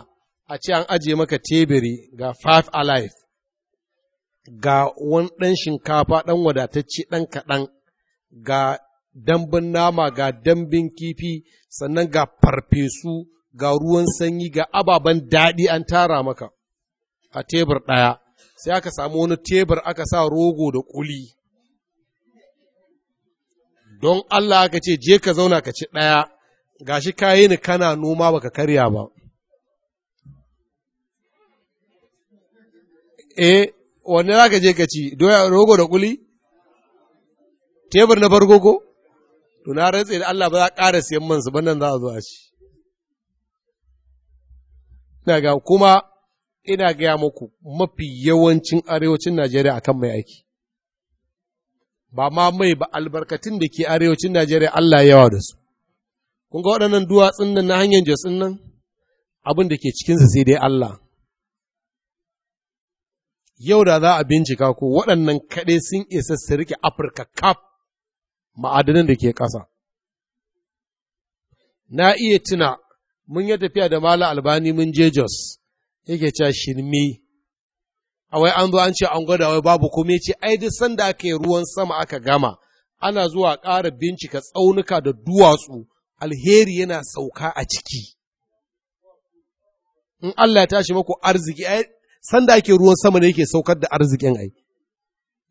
a ce an ajiye maka tebiri ga five alive, ga wani ɗan shinkafa ɗan wadatacce ɗan kaɗan, ga dambin nama ga dambin kifi sannan ga farfesu ga ruwan sanyi ga ababen daɗi an tara maka a tebur ɗaya sai aka samu wani tebur aka sa rogo da kuli don Allah aka ce je ka zauna ka ci ɗaya gashi kayi ni kana noma baka karya ba eh wanne za ka je ka ci doya rogo da kuli tebur na bar gogo to na rantsa da Allah ba za ƙara siyan man su nan za a zo a ci daga kuma ina gaya muku mafi yawancin arewacin Najeriya akan mai aiki. Ba ma mai ba albarkatun da ke arewacin Najeriya Allah yawa da su. Kun ga waɗannan duwatsun nan na hanyar jasin nan abin da ke cikinsa sai dai Allah. Yau da za a bincika ko waɗannan kaɗai sun isa su rike Afirka kaf ma'adanan da ke ƙasa. Na iya tuna mun yi tafiya da Mala Albani mun je Jos. yake cewa shirme a wai an zo an ce an gwada wai babu kome ce ai duk sanda aka yi ruwan sama aka gama ana zuwa ƙara bincika tsaunuka da duwatsu alheri yana sauka a ciki in Allah ya tashi maku arziki ai sanda ake ruwan sama ne yake saukar da arzikin ai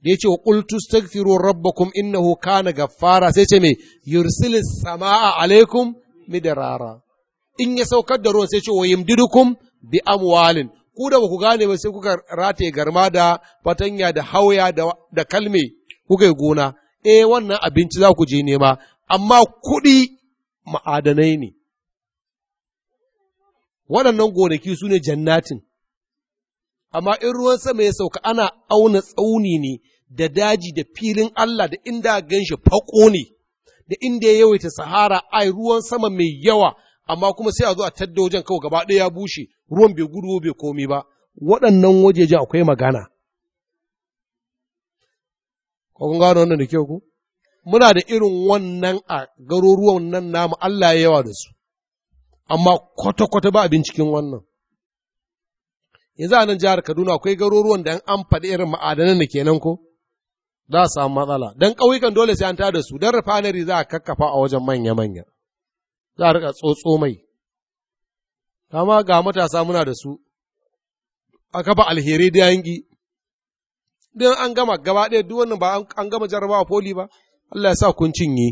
da yace wa qul tastaghfiru rabbakum innahu kana gaffara sai ce me yursilis samaa alaikum midrara in ya saukar da ruwan sai ce wa yumdidukum bi amwalin ku da ba ku gane ba sai kuka rataye garma da fatanya da hauya da kalme kuka yi gona eh wannan abinci za ku je nema amma kuɗi ma'adanai ne waɗannan gonaki su ne jannatin amma in ruwan sama ya sauka ana auna tsauni ne da daji da filin Allah da inda gan shi fako ne da inda ya yawaita sahara ai ruwan sama mai yawa amma kuma sai a zo a tadda wajen kawai gaba ɗaya ya bushe ruwan bai gudu bai komi ba waɗannan wajejen akwai magana ko kun gano wannan da kyau ku muna da irin wannan a garuruwan nan namu Allah ya yawa da su amma kwata-kwata ba abin cikin wannan yanzu a nan jihar Kaduna akwai garuruwan da an faɗi irin ma'adanan da kenan ko za a samu matsala don ƙauyukan dole sai an tada su don rafanari za a kakkafa a wajen manya-manya za a riƙa tsotso mai kama ga matasa muna da su a kafa alheri da yangi don an gama gaba ɗaya duk wannan ba an gama jarabawa foli ba Allah ya sa kun cinye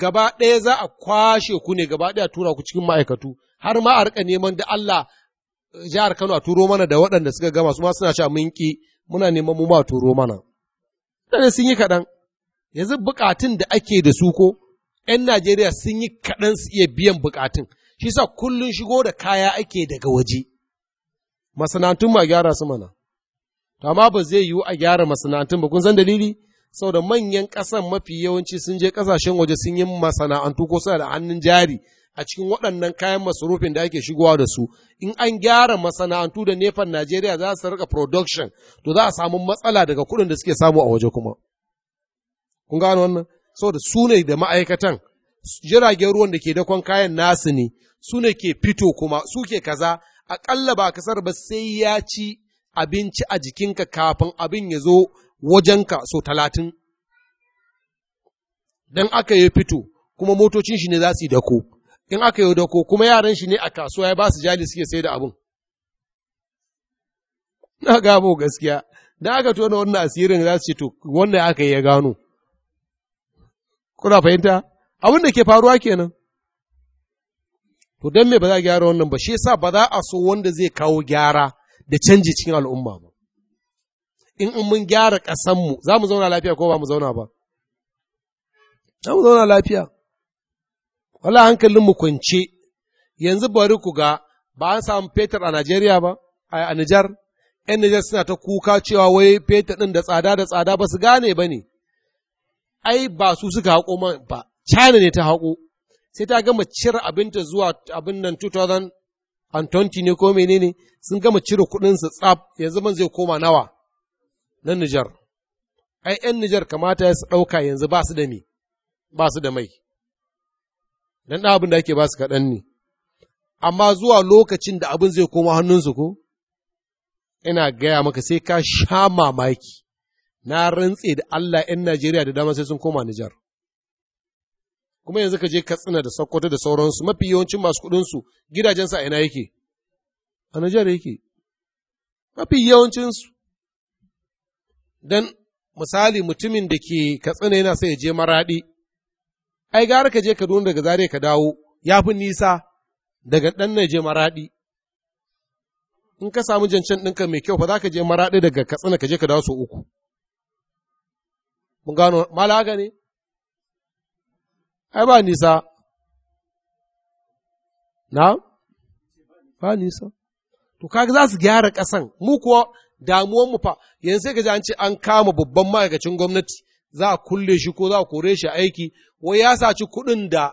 gaba ɗaya za a kwashe ku ne gaba ɗaya tura ku cikin ma'aikatu har ma a riƙa neman da Allah eh, jihar Kano a turo mana da waɗanda suka gama su ma suna sha mun muna neman mu ma turo mana. Dane sun yi kaɗan yanzu buƙatun da ake da su ko ‘yan Najeriya sun yi kaɗan su iya biyan bukatun, shi sa kullum shigo da kaya ake daga waje. Masana'antun ma gyara su mana, to amma ba zai yiwu a gyara masana'antun ba, kun san dalili? sau da manyan ƙasan mafi yawanci sun je ƙasashen waje sun yi masana'antu ko suna da hannun jari a cikin waɗannan kayan masarufin da ake shigowa da su. In an gyara masana'antu da nefan Najeriya za su rika production, to za a samu matsala daga kuɗin da suke samu a waje kuma. Kun gano wannan? saboda su ne da ma'aikatan jiragen ruwan da ke dakon kayan nasu ne su ne ke fito kuma su ke kaza aƙalla ba kasar ba sai ya ci abinci a jikinka kafin abin ya zo wajenka so talatin don aka yi fito kuma motocin shi ne za su yi dako in aka yi dako kuma yaran shi ne a kasuwa ya ba su jali suke sai da abin na gabo gaskiya da aka tona wannan asirin za su ce to wannan aka yi ya gano Kuna fahimta? Abin da ke faruwa kenan. To don me ba za a gyara wannan ba, shi yasa ba za a so wanda zai kawo gyara da canji cikin al'umma ba. In in mun gyara ƙasanmu, za mu zauna lafiya ko ba mu zauna ba? Za mu zauna lafiya. Wala hankalinmu kwance, yanzu bari ku ga ba an samu fetur a Najeriya ba, a Nijar, ‘yan Nijar suna ta kuka cewa wai fetur ɗin da tsada da tsada ba su gane ba ne, ai ba su suka haƙo man ba, China ne ta haƙo, sai ta gama cire abinta zuwa abin nan 2020 ne ko menene sun gama cire kuɗinsu tsaf yanzu man zai koma nawa na Nijar. Ai, ‘yan Nijar kamata ya su ɗauka yanzu ba su da ba su da mai, dan abin da ake ba su kaɗan ne, amma zuwa lokacin da abin zai koma hannunsu ko? Ina gaya maka sai ka sha mamaki. na rantse da Allah ‘yan Najeriya da dama sai sun koma Nijar. Kuma yanzu ka je Katsina da Sokoto da sauransu mafi yawancin masu kuɗinsu gidajensu a ina yake? A Nijar yake. Mafi yawancinsu. Don misali mutumin da ke Katsina yana sai ya je Maraɗi, ai gara ka je Kaduna daga Zare ka dawo, ya fi nisa daga ɗan na je Maraɗi. In ka samu jancen ɗinka mai kyau fa za ka je Maraɗi daga Katsina ka je ka dawo sau uku. mun gano mala haka ne ai ba nisa na ba nisa to kaga za su gyara kasan, mu kuwa damuwan mu fa yanzu sai ka an ce an kama babban ma'aikacin gwamnati za a kulle shi ko za a kore shi aiki wai ya saci kuɗin da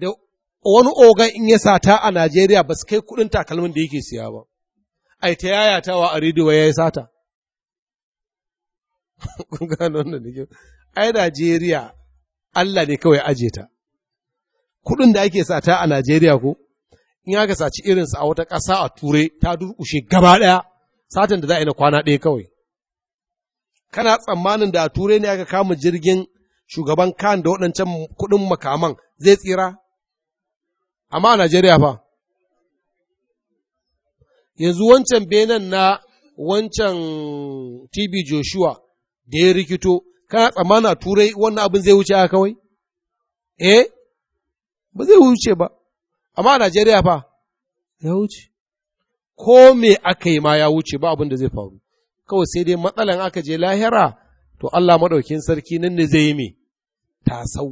da wani ogan in ya sata a Najeriya ba su kai kuɗin takalmin da yake siya ba ai ta yayatawa a rediyo ya yi sata kun gano wannan da ke ai Najeriya Allah ne kawai aje ta kuɗin da ake sata a Najeriya ko in aka saci irin sa a wata ƙasa a Turai ta durkushe gaba ɗaya satan da za a yi na kwana ɗaya kawai kana tsammanin da a ture ne aka kama jirgin shugaban kan da waɗancan kuɗin makaman zai tsira amma a Najeriya fa yanzu wancan benen na wancan TB Joshua da ya rikito, kana tsamana turai wannan abin zai wuce a kawai? Eh, ba zai wuce ba, amma a Najeriya fa, ya wuce. Ko me aka yi ma ya wuce ba abin da zai faru, kawai sai dai matsalan aka je lahira, to Allah maɗaukin sarki nan ne zai yi me, tasau.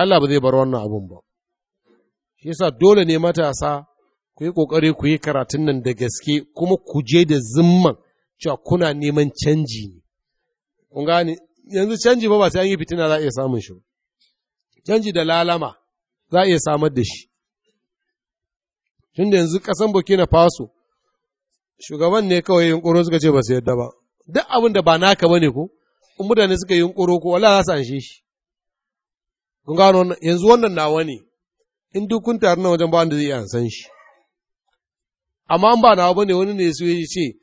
Allah ba zai bar wannan abin ba. Shi yasa dole ne matasa ku yi ƙoƙari ku yi karatun nan da gaske kuma ku je da zimman cewa kuna neman canji ne. Kun gani, yanzu canji ba ba sai an yi fitina za a iya samun shi ba. Canji da lalama za a iya samar da shi. Tun da yanzu ƙasan Burkina Faso, shugaban ne kawai yunƙuro suka ce ba su yadda ba. Duk abin da ba naka ba ne ko, in mutane suka yi yunƙuro ko wala za su anshe shi. Kun gano yanzu wannan nawa ne, in duk kun taru na wajen ba wanda zai iya san shi. Amma an ba na wani ne wani ne su yi ce,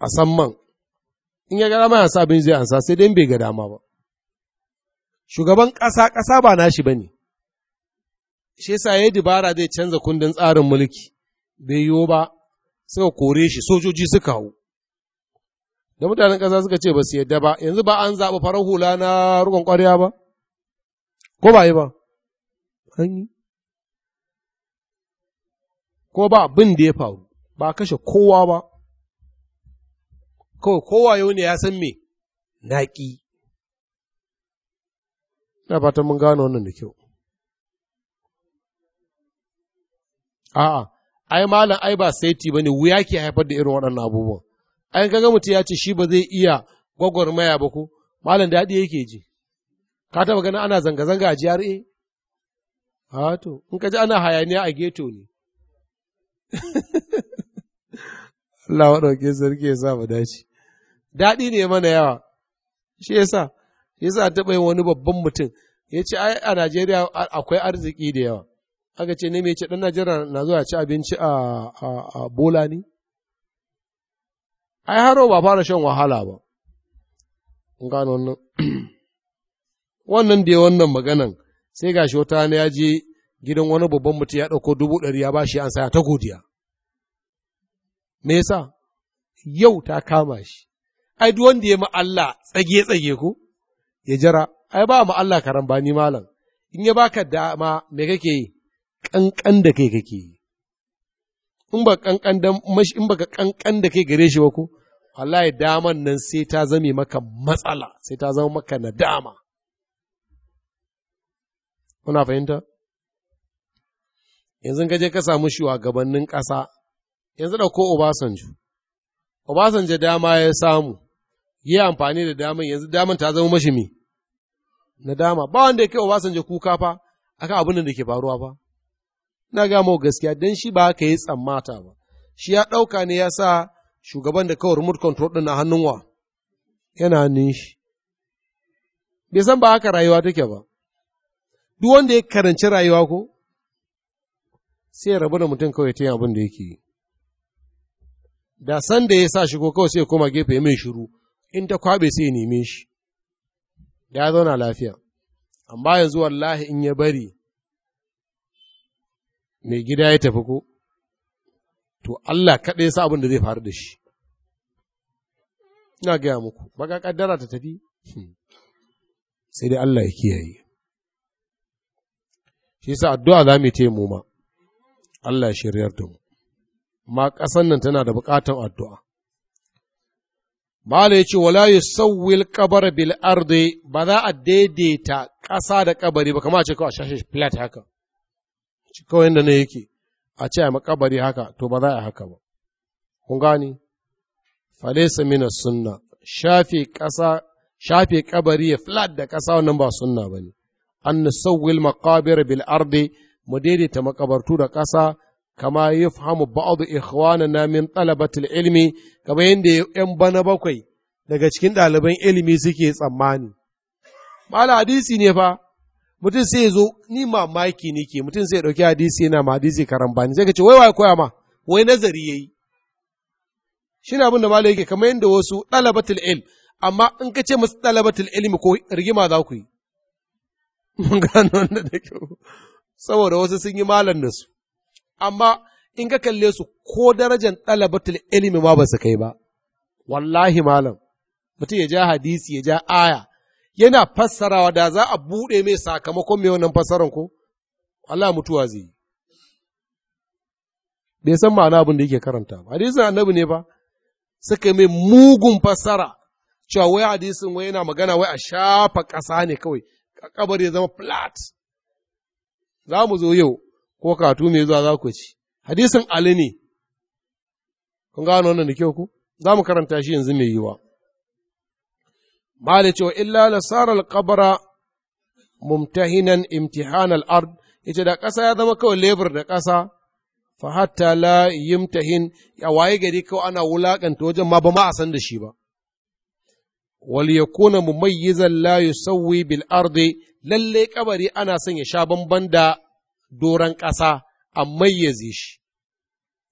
a san in ya ga dama ya sa abin zai ansa sai dai bai ga dama ba shugaban ƙasa ƙasa ba nashi ne shi sa ya dibara zai canza kundin tsarin mulki bai yiwu ba suka kore shi sojoji suka hau da mutanen ƙasa suka ce ba su yadda ba yanzu ba an zaɓi farar hula na rukun ƙwarya ba ko ba yi ba hanyi ko ba abin da ya faru ba kashe kowa ba kawai yau ne ya san me naƙi. Ya fata mun gano wannan da kyau. A'a, ai malam ai ba saiti ba ne wuya ke haifar da irin waɗannan abubuwan. Ai kaga mutum ya ce shi ba zai iya gwagwarmaya ba ko malam daɗi yake ji. Ka taɓa ganin ana zanga-zanga a GRA? A to, in ka ji ana hayaniya a geto ne. Allah waɗauke sarki ya sa mu dace. daɗi ne mana yawa shi yasa yasa taɓa yin wani babban mutum ya ce a Najeriya akwai arziki da yawa aka ce ne mai ce ɗan Najeriya na zuwa ci abinci a bola ne ai haro ba fara shan wahala ba gano wannan wannan da wannan maganan sai gashi wata na ya je gidan wani babban mutum ya ɗauko dubu ɗari ya ba shi an saya ta godiya me yasa yau ta kama shi ai duk wanda ya ma Allah tsage tsage ko ya jira ai ba mu Allah karan ba ni malam in ya baka dama me kake yi kankan da kai kake yi in ba kankan da in baka kankan da kai gare shi ba ko wallahi daman nan sai ta zame maka matsala sai ta zama maka nadama kuna fahimta yanzu ka je ka samu shugabannin ƙasa yanzu da ko Obasanjo Obasanjo dama ya samu yi amfani da daman yanzu daman ta zama mashi mi na dama ba wanda ya kai Obasanjo kuka fa akan abin da ke faruwa fa na ga mu gaskiya dan shi ba ka yi tsammata ba shi ya ɗauka ne ya sa shugaban da kawai remote control din a hannun wa yana hannun shi bai san ba haka rayuwa take ba duk wanda ya karanci rayuwa ko sai rabu da mutum kawai ta yin abin da yake yi da san da ya sa shigo kawai sai ya koma gefe mai shiru in ta kwabe sai ya neme shi ya zauna lafiya amma yanzu wallahi in ya bari mai gida ya tafi ko to Allah kaɗai sa abin da zai faru da shi ina gaya muku baka ƙaddara ta tafi hmm. sai dai Allah ya kiyaye shi sa addu'a za mu taimu ma Allah ya shiryar da mu ma ƙasan nan tana da buƙatar addu'a Mala ya ce, wala yi sauwil kabar bil arde ba za a daidaita ƙasa da kabari ba, kama a ce kawai a shashe flat haka. Ci kawai yadda ne yake, a ce a kabari haka, to ba za a haka ba. Kun gani? Falesa mina sunna, shafe ƙasa, shafe kabari ya flat da ƙasa wannan ba sunna ba ne. An na sauwil makabir bil arde, mu daidaita makabartu da ƙasa, كما يفهم بعض ikhwanana من طلبة العلم كما yadda yan bana bakwai daga cikin ɗaliban ilimi suke tsammani mala hadisi ne fa mutum sai zo ni mamaki nike mutum sai dauki hadisi yana ma hadisi karambani sai ka ce wai wai koya ma wai nazari yayi ne abin da malai yake kamar yadda wasu talabatul ilm amma in ka ce musu talabatul ilmi ko rigima za ku yi mun gano wanda da kyau saboda wasu sun yi malam da su amma in ka kalle su ko darajar ɗalabatul ilimi ma ba su kai ba, wallahi malam, mutum ya ja hadisi ya ja aya, yana fassarawa da za a buɗe mai sakamakon mai wannan fassaran ko, Allah mutuwa zai yi. Bai san ma'ana abin da yake karanta ba, hadisin annabi ne ba, suka mai mugun fassara, cewa wai hadisin wai yana magana wai a shafa ƙasa ne kawai, kabar ya zama flat. Za mu zo yau, ko katu mai zuwa za ku ci hadisin ali ne kun gano wannan da kyau ku za mu karanta shi yanzu mai yiwa mali wa illa la sara alqabra mumtahinan imtihan al-ard yace da ƙasa ya zama kawai lebur da ƙasa fa hatta la yimtahin ya waye gari kawai ana wulakanta wajen ma ba ma da shi ba wal yakuna mumayyizan la yusawwi bil ardi lalle kabari ana son ya sha bamban da doron ƙasa a mayyaze shi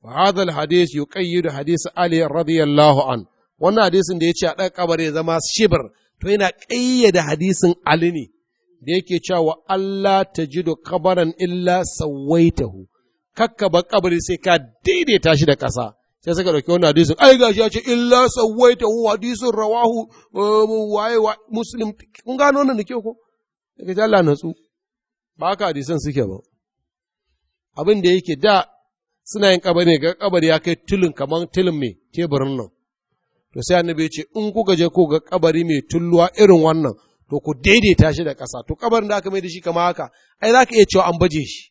wa hadal hadis da hadis ali radiyallahu an wannan hadisin da ya ce a ɗan kabar ya zama shibir to yana da hadisin ali ne da yake cewa wa Allah ta ji da kabaran illa sawaitahu kakka ba kabari sai ka daidaita shi da ƙasa sai suka ɗauki wannan hadisin ai gashi ya ce illa sawaita hu hadisin rawahu um, waye wa muslim kun gano wannan da ke ko daga ji Allah natsu ba haka hadisan suke ba abin da yake da suna yin kabari ga kabari ya kai tulun kamar tulun mai teburin nan to sai annabi ya ce in kuka je ko ga kabari mai tulluwa irin wannan to ku daidaita shi da ƙasa to kabarin da aka mai da shi kama haka ai za ka iya cewa an baje shi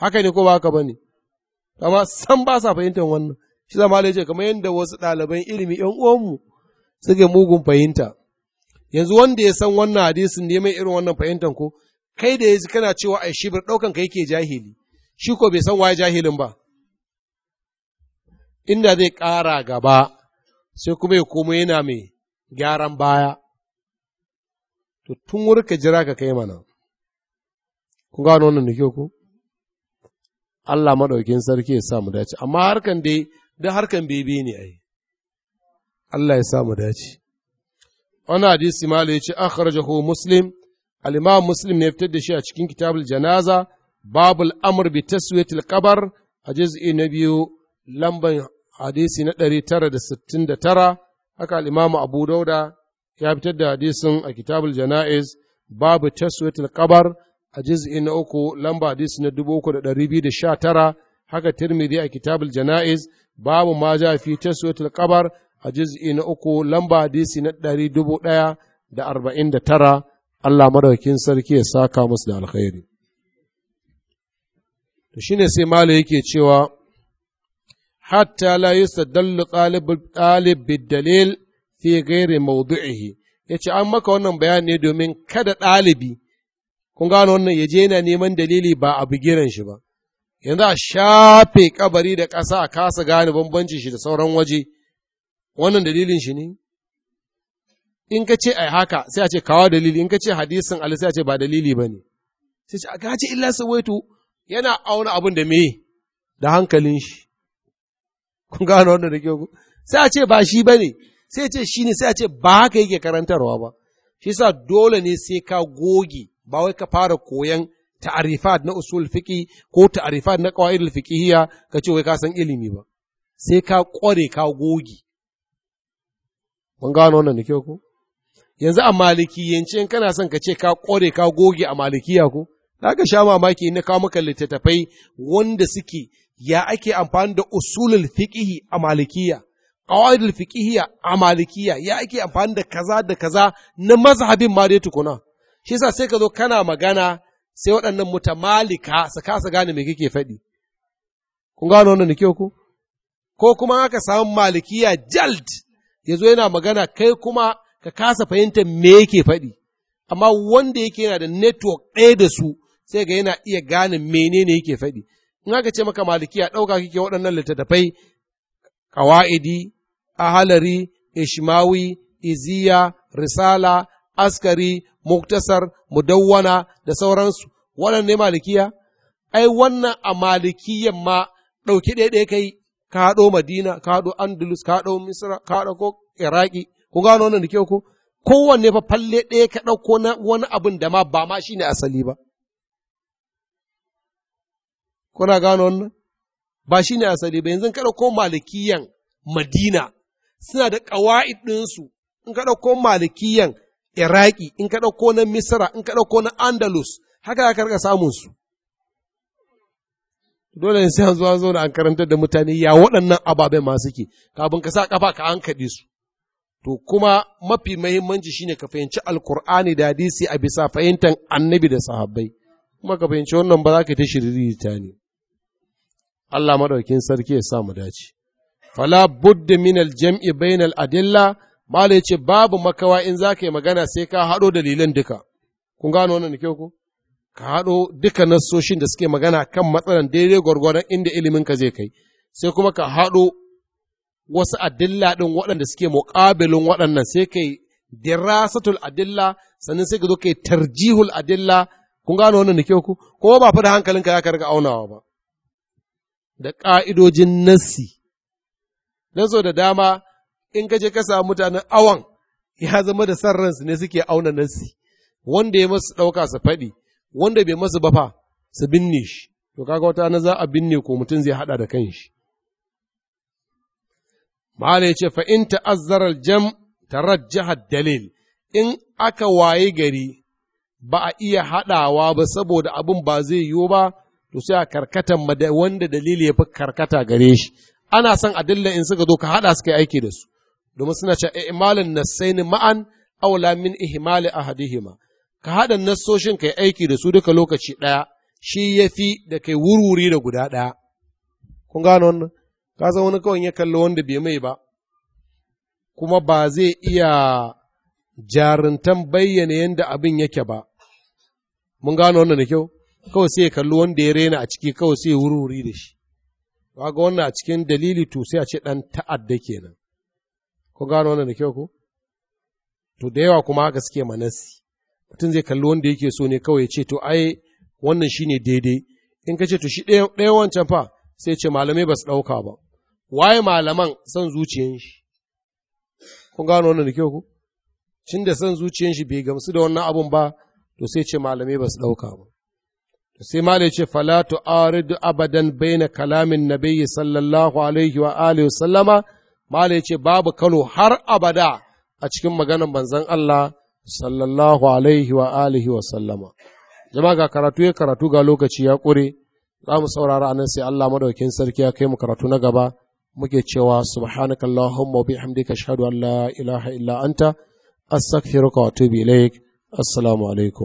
haka ne ko ba haka bane amma san ba sa fahimtar wannan shi zama ya ce kamar yadda wasu ɗaliban ilimi ‘yan uwanmu suke mugun fahimta yanzu wanda ya san wannan hadisin ne mai irin wannan fahimtar ko kai da yanzu kana cewa ai shibir ɗaukan ka yake jahili shi ko bai san waye jahilin ba inda zai ƙara gaba sai kuma ya komo yana mai gyaran baya to tun wuri ka jira ka kai mana kun gano wannan da ku Allah maɗaukin sarki ya sa mu dace amma harkan dai da harkan bebe ne ai Allah ya sa mu dace wani hadisi malai ya ce akhrajahu muslim al-imam muslim ne fitar da shi a cikin kitabul janaza babul amr bi taswiyatil qabar a juz'i na biyu lamban hadisi na ɗari tara da da sittin tara, haka al abu dauda ya fitar da hadisin a kitabul janaiz babu ta taswiyatil qabar a juz'i na uku lamba hadisi na dubu uku da da ɗari biyu sha tara, haka tirmidhi a kitabul janaiz babu ma a fi ta taswiyatil qabar a juz'i na uku lamba hadisi na ɗari dubu ɗaya da arba'in da tara Allah madaukin sarki ya saka musu da alkhairi. to shine sai Malam yake cewa hatta la yustadallu ɗalib bidalil fi ghairi mawdu'ihi yace an maka wannan bayani ne domin kada ɗalibi kun gano wannan yaje yana neman dalili ba a bigiran shi ba yanzu a shafe kabari da ƙasa a kasa gane bambancin shi da sauran waje wannan dalilin shi ne in ka ce ai haka sai a ce kawo dalili in ka ce hadisin Ali sai a ce ba dalili bane sai ce a gaji illa sawaitu yana auna abin da me da hankalin shi. Kun gano wannan da kyau Sai a ce ba shi ba ne, sai ce shi ne sai a ce ba haka yake karantarwa ba. Shi sa dole ne sai ka goge, ba wai ka fara koyan ta'arifat na usul fiki ko ta'arifat na qawaidul fiqhiyya ka ce wai ka san ilimi ba. Sai ka ƙware ka goge. Mun gano wannan da kyau ko? Yanzu a maliki in kana son ka ce ka ƙware ka goge a malikiya ko? da aka sha mamaki na kawo maka littattafai wanda suke ya ake amfani da usulul fiqihi a malikiya qawaidul fiqihi a malikiya ya ake amfani da kaza da kaza na mazhabin ma dai tukuna shi yasa sai ka zo kana magana sai waɗannan mutamalika su kasa gane me kake faɗi kun gano wannan da kyau ku ko kuma aka samu malikiya jald ya zo yana magana kai kuma ka kasa fahimta me yake faɗi amma wanda yake yana da network ɗaya da su sai ga yana iya gane menene yake faɗi in aka ce maka malikiya ɗauka kike waɗannan littattafai ƙawa'idi ahalari ishmawi iziya risala askari muktasar mudawwana da sauransu waɗannan ne malikiya ai wannan a malikiyan ma ɗauki ɗaya kai ka haɗo madina ka haɗo andalus ka haɗo misra ka haɗo ko iraki ku gano wannan da kyau ko kowanne fa falle ɗaya ka ɗauko wani abin da ma ba ma shi ne asali ba Kuna gano wannan? Ba shi ne asali ba, yanzu kada ko malikiyan Madina suna da ƙawa'id ɗinsu, in ka ɗauko malikiyan Iraki, in ka ɗauko na Misra, in ka ɗauko na Andalus, haka ya karka su. Dole ne sai an zo an zo an karantar da mutane ya waɗannan ababen masu ke, kafin ka sa kafa ka an kaɗe su. To kuma mafi mahimmanci shine ka fahimci Alkur'ani da hadisi a bisa fahimtar annabi da sahabbai. Kuma ka fahimci wannan ba za ka ta shiriri ta ne. Allah maɗaukin sarki ya sa mu dace. Fala budda minal jam'i bainal adilla, Mala ce babu makawa in za yi magana sai ka haɗo dalilan duka. Kun gano wannan da kyau ko? Ka haɗo duka nassoshin da suke magana kan matsalan daidai gwargwaron inda ilimin ka zai kai. Sai kuma ka haɗo wasu adilla ɗin waɗanda suke muƙabilin waɗannan sai ka yi dirasatul adilla sannan sai ka zo ka yi tarjihul adilla kun gano wannan da ku? ko ba fa da hankalinka ya ka riga aunawa ba. da ƙa'idojin nassi. don so da dama in ka je ka samu mutanen awon ya zama da san ransu ne suke auna nassi, wanda ya masu ɗauka su faɗi, wanda bai masu bafa su binne shi, to kaga wata na za a binne ko mutum zai haɗa da kanshi. Mahala ya ce, fa'in ta'azzarar jam jihar dalil, in aka waye gari ba a iya haɗawa ba saboda abin ba zai yiwu ba, to sai a karkata wanda dalili ya fi karkata gare shi ana son adilla in suka zo ka haɗa suka yi aiki da su domin suna cewa eh, ihmalin nassaini ma'an aula min ihmali ahadihima ka haɗa nassoshin kai aiki da su duka lokaci ɗaya shi yafi da kai wurwuri da guda ɗaya kun gano wannan ka san wani kawai ya kalli wanda bai mai ba kuma ba zai iya jarintan bayyana yadda abin yake ba mun gano wannan da kyau kawai sai kalli wanda ya rena a ciki kawai sai wuri da shi ba ga wannan a cikin dalili to sai a ce ɗan ta'adda kenan ko gano wannan da kyau ko to da yawa kuma haka suke manasi mutum zai kalli wanda yake so ne kawai ya ce to ai wannan shine daidai in ka ce to shi ɗaya wancan fa sai ce malamai ba su ɗauka ba waye malaman son zuciyan shi kun gano wannan da kyau ku cin da son zuciyan shi bai gamsu da wannan abun ba to sai ce malamai ba su ɗauka ba sai malai ce falatu aridu abadan baina kalamin nabiyyi sallallahu alaihi wa alihi sallama malai ce babu kalo har abada a cikin maganan banzan Allah sallallahu alaihi wa alihi wa sallama jama'a ga karatu ya karatu ga lokaci ya kure za mu saurara anan sai Allah madaukin sarki ya kai mu karatu na gaba muke cewa subhanakallahumma wa bihamdika ashhadu an la ilaha illa anta astaghfiruka wa atubu ilaik assalamu alaikum